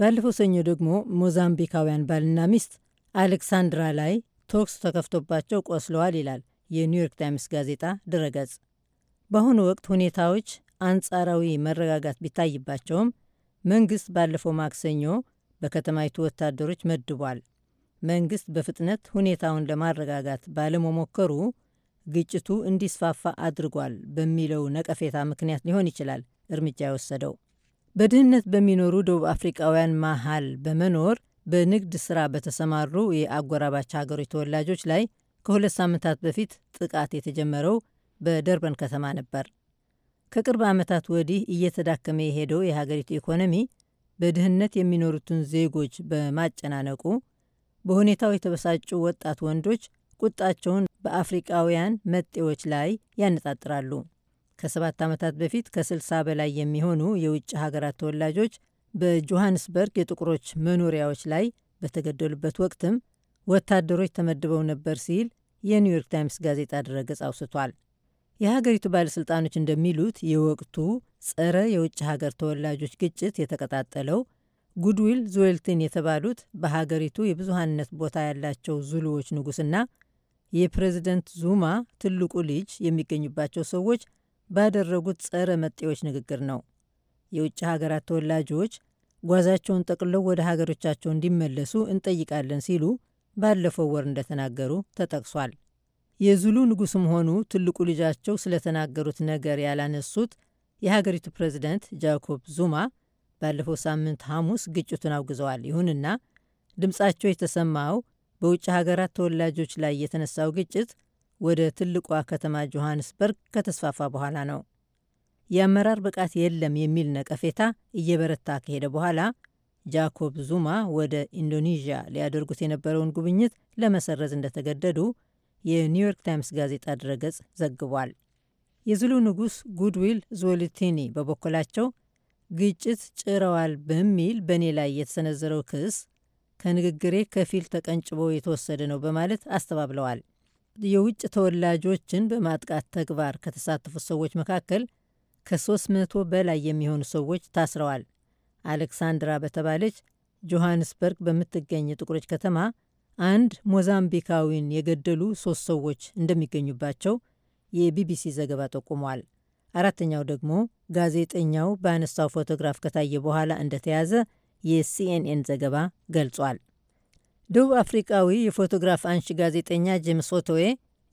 ባለፈው ሰኞ ደግሞ ሞዛምቢካውያን ባልና ሚስት አሌክሳንድራ ላይ ተኩስ ተከፍቶባቸው ቆስለዋል ይላል የኒውዮርክ ታይምስ ጋዜጣ ድረገጽ። በአሁኑ ወቅት ሁኔታዎች አንጻራዊ መረጋጋት ቢታይባቸውም መንግስት ባለፈው ማክሰኞ በከተማይቱ ወታደሮች መድቧል። መንግስት በፍጥነት ሁኔታውን ለማረጋጋት ባለመሞከሩ ግጭቱ እንዲስፋፋ አድርጓል በሚለው ነቀፌታ ምክንያት ሊሆን ይችላል እርምጃ የወሰደው። በድህነት በሚኖሩ ደቡብ አፍሪቃውያን መሃል በመኖር በንግድ ሥራ በተሰማሩ የአጎራባች ሀገሮች ተወላጆች ላይ ከሁለት ሳምንታት በፊት ጥቃት የተጀመረው በደርበን ከተማ ነበር። ከቅርብ ዓመታት ወዲህ እየተዳከመ የሄደው የሀገሪቱ ኢኮኖሚ በድህነት የሚኖሩትን ዜጎች በማጨናነቁ በሁኔታው የተበሳጩ ወጣት ወንዶች ቁጣቸውን በአፍሪቃውያን መጤዎች ላይ ያነጣጥራሉ። ከሰባት ዓመታት በፊት ከ60 በላይ የሚሆኑ የውጭ ሀገራት ተወላጆች በጆሃንስበርግ የጥቁሮች መኖሪያዎች ላይ በተገደሉበት ወቅትም ወታደሮች ተመድበው ነበር ሲል የኒውዮርክ ታይምስ ጋዜጣ ድረገጽ አውስቷል። የሀገሪቱ ባለሥልጣኖች እንደሚሉት የወቅቱ ጸረ የውጭ ሀገር ተወላጆች ግጭት የተቀጣጠለው ጉድዊል ዙዌልትን የተባሉት በሀገሪቱ የብዙሃንነት ቦታ ያላቸው ዙሉዎች ንጉሥና የፕሬዚደንት ዙማ ትልቁ ልጅ የሚገኙባቸው ሰዎች ባደረጉት ጸረ መጤዎች ንግግር ነው። የውጭ ሀገራት ተወላጆች ጓዛቸውን ጠቅልለው ወደ ሀገሮቻቸው እንዲመለሱ እንጠይቃለን ሲሉ ባለፈው ወር እንደተናገሩ ተጠቅሷል። የዙሉ ንጉስም ሆኑ ትልቁ ልጃቸው ስለተናገሩት ነገር ያላነሱት የሀገሪቱ ፕሬዚደንት ጃኮብ ዙማ ባለፈው ሳምንት ሐሙስ ግጭቱን አውግዘዋል። ይሁንና ድምፃቸው የተሰማው በውጭ ሀገራት ተወላጆች ላይ የተነሳው ግጭት ወደ ትልቋ ከተማ ጆሐንስበርግ ከተስፋፋ በኋላ ነው። የአመራር ብቃት የለም የሚል ነቀፌታ እየበረታ ከሄደ በኋላ ጃኮብ ዙማ ወደ ኢንዶኔዥያ ሊያደርጉት የነበረውን ጉብኝት ለመሰረዝ እንደተገደዱ የኒውዮርክ ታይምስ ጋዜጣ ድረገጽ ዘግቧል። የዝሉ ንጉሥ ጉድዊል ዞልቲኒ በበኩላቸው ግጭት ጭረዋል በሚል በእኔ ላይ የተሰነዘረው ክስ ከንግግሬ ከፊል ተቀንጭቦ የተወሰደ ነው በማለት አስተባብለዋል። የውጭ ተወላጆችን በማጥቃት ተግባር ከተሳተፉት ሰዎች መካከል ከ300 በላይ የሚሆኑ ሰዎች ታስረዋል። አሌክሳንድራ በተባለች ጆሃንስበርግ በምትገኝ የጥቁሮች ከተማ አንድ ሞዛምቢካዊን የገደሉ ሶስት ሰዎች እንደሚገኙባቸው የቢቢሲ ዘገባ ጠቁሟል። አራተኛው ደግሞ ጋዜጠኛው በአነሳው ፎቶግራፍ ከታየ በኋላ እንደተያዘ የሲኤንኤን ዘገባ ገልጿል። ደቡብ አፍሪቃዊ የፎቶግራፍ አንሺ ጋዜጠኛ ጄምስ ኦቶዌ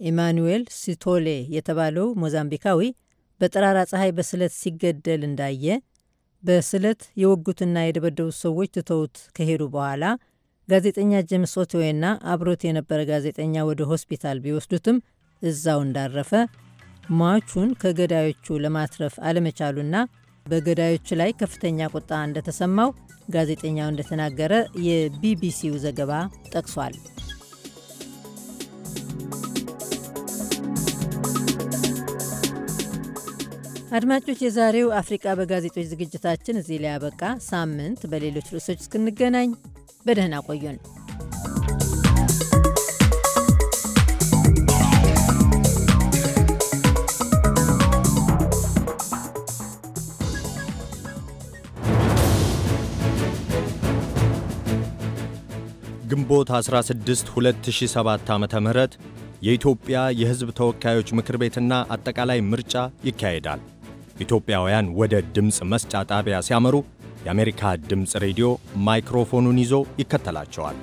ኢማኑዌል ሲቶሌ የተባለው ሞዛምቢካዊ በጠራራ ፀሐይ በስለት ሲገደል እንዳየ በስለት የወጉትና የደበደቡት ሰዎች ትተውት ከሄዱ በኋላ ጋዜጠኛ ጄምስ ኦትዌና አብሮት የነበረ ጋዜጠኛ ወደ ሆስፒታል ቢወስዱትም እዛው እንዳረፈ ሟቹን ከገዳዮቹ ለማትረፍ አለመቻሉና በገዳዮቹ ላይ ከፍተኛ ቁጣ እንደተሰማው ጋዜጠኛው እንደተናገረ የቢቢሲው ዘገባ ጠቅሷል። አድማጮች፣ የዛሬው አፍሪቃ በጋዜጦች ዝግጅታችን እዚህ ላይ ያበቃ። ሳምንት በሌሎች ርዕሶች እስክንገናኝ በደህና ቆዩን። ግንቦት 16 2007 ዓ ም የኢትዮጵያ የሕዝብ ተወካዮች ምክር ቤትና አጠቃላይ ምርጫ ይካሄዳል። ኢትዮጵያውያን ወደ ድምፅ መስጫ ጣቢያ ሲያመሩ የአሜሪካ ድምፅ ሬዲዮ ማይክሮፎኑን ይዞ ይከተላቸዋል።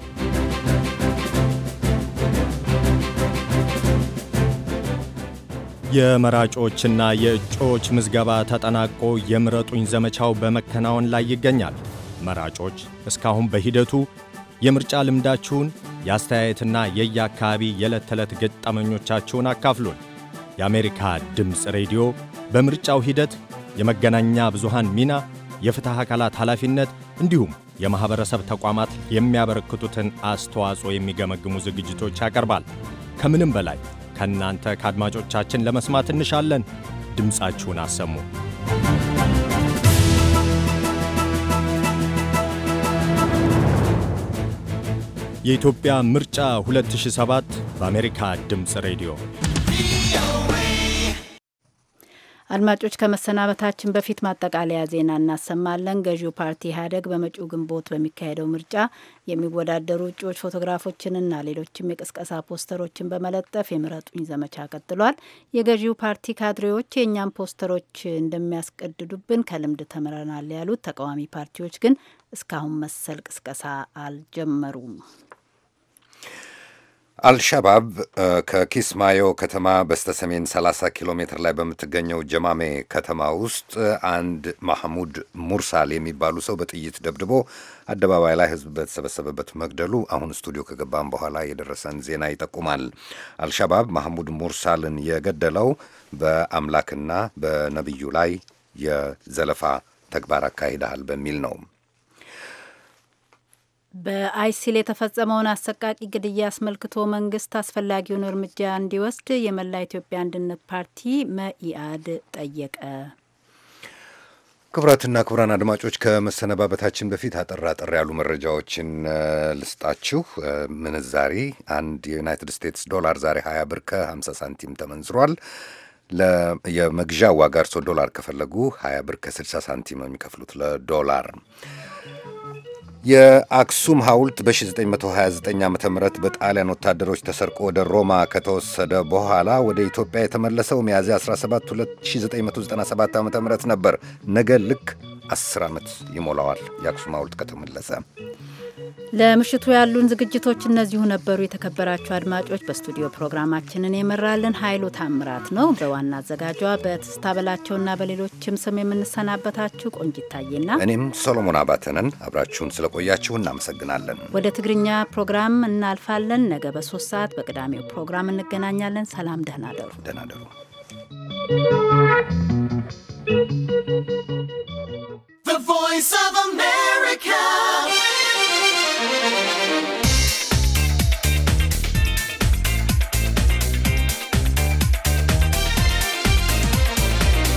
የመራጮችና የእጩዎች ምዝገባ ተጠናቆ የምረጡኝ ዘመቻው በመከናወን ላይ ይገኛል። መራጮች እስካሁን በሂደቱ የምርጫ ልምዳችሁን የአስተያየትና የየአካባቢ የዕለት ተዕለት ገጠመኞቻችሁን አካፍሉን። የአሜሪካ ድምፅ ሬዲዮ በምርጫው ሂደት የመገናኛ ብዙሃን ሚና፣ የፍትሕ አካላት ኃላፊነት እንዲሁም የማኅበረሰብ ተቋማት የሚያበረክቱትን አስተዋጽኦ የሚገመግሙ ዝግጅቶች ያቀርባል። ከምንም በላይ ከእናንተ ከአድማጮቻችን ለመስማት እንሻለን። ድምፃችሁን አሰሙ። የኢትዮጵያ ምርጫ 2007 በአሜሪካ ድምፅ ሬዲዮ አድማጮች ከመሰናበታችን በፊት ማጠቃለያ ዜና እናሰማለን። ገዢው ፓርቲ ኢህአዴግ በመጪው ግንቦት በሚካሄደው ምርጫ የሚወዳደሩ እጩዎች ፎቶግራፎችንና ሌሎችም የቅስቀሳ ፖስተሮችን በመለጠፍ የምረጡኝ ዘመቻ ቀጥሏል። የገዢው ፓርቲ ካድሬዎች የእኛም ፖስተሮች እንደሚያስቀድዱብን ከልምድ ተምረናል ያሉት ተቃዋሚ ፓርቲዎች ግን እስካሁን መሰል ቅስቀሳ አልጀመሩም። አልሻባብ ከኪስማዮ ከተማ በስተ ሰሜን 30 ኪሎ ሜትር ላይ በምትገኘው ጀማሜ ከተማ ውስጥ አንድ ማህሙድ ሙርሳል የሚባሉ ሰው በጥይት ደብድቦ አደባባይ ላይ ህዝብ በተሰበሰበበት መግደሉ አሁን ስቱዲዮ ከገባም በኋላ የደረሰን ዜና ይጠቁማል። አልሻባብ ማህሙድ ሙርሳልን የገደለው በአምላክና በነቢዩ ላይ የዘለፋ ተግባር አካሂደሃል በሚል ነው። በአይሲል የተፈጸመውን አሰቃቂ ግድያ አስመልክቶ መንግስት አስፈላጊውን እርምጃ እንዲወስድ የመላ ኢትዮጵያ አንድነት ፓርቲ መኢአድ ጠየቀ። ክቡራትና ክቡራን አድማጮች ከመሰነባበታችን በፊት አጠር አጠር ያሉ መረጃዎችን ልስጣችሁ። ምንዛሪ አንድ የዩናይትድ ስቴትስ ዶላር ዛሬ 20 ብር ከ50 ሳንቲም ተመንዝሯል። የመግዣ ዋጋ እርሶ ዶላር ከፈለጉ 20 ብር ከ60 ሳንቲም የሚከፍሉት ለዶላር። የአክሱም ሐውልት በ1929 ዓ ም በጣሊያን ወታደሮች ተሰርቆ ወደ ሮማ ከተወሰደ በኋላ ወደ ኢትዮጵያ የተመለሰው ሚያዝያ 17 1997 ዓ ም ነበር። ነገ ልክ 10 ዓመት ይሞላዋል የአክሱም ሐውልት ከተመለሰ። ለምሽቱ ያሉን ዝግጅቶች እነዚሁ ነበሩ። የተከበራችሁ አድማጮች፣ በስቱዲዮ ፕሮግራማችንን የመራልን ኃይሉ ታምራት ነው። በዋና አዘጋጇ በትስታ በላቸውና በሌሎችም ስም የምንሰናበታችሁ ቆንጂት ታዬና እኔም ሰሎሞን አባተንን አብራችሁን ስለቆያችሁ እናመሰግናለን። ወደ ትግርኛ ፕሮግራም እናልፋለን። ነገ በሶስት ሰዓት በቅዳሜው ፕሮግራም እንገናኛለን። ሰላም፣ ደህና ደሩ፣ ደህና ደሩ። The Voice of America Thank you.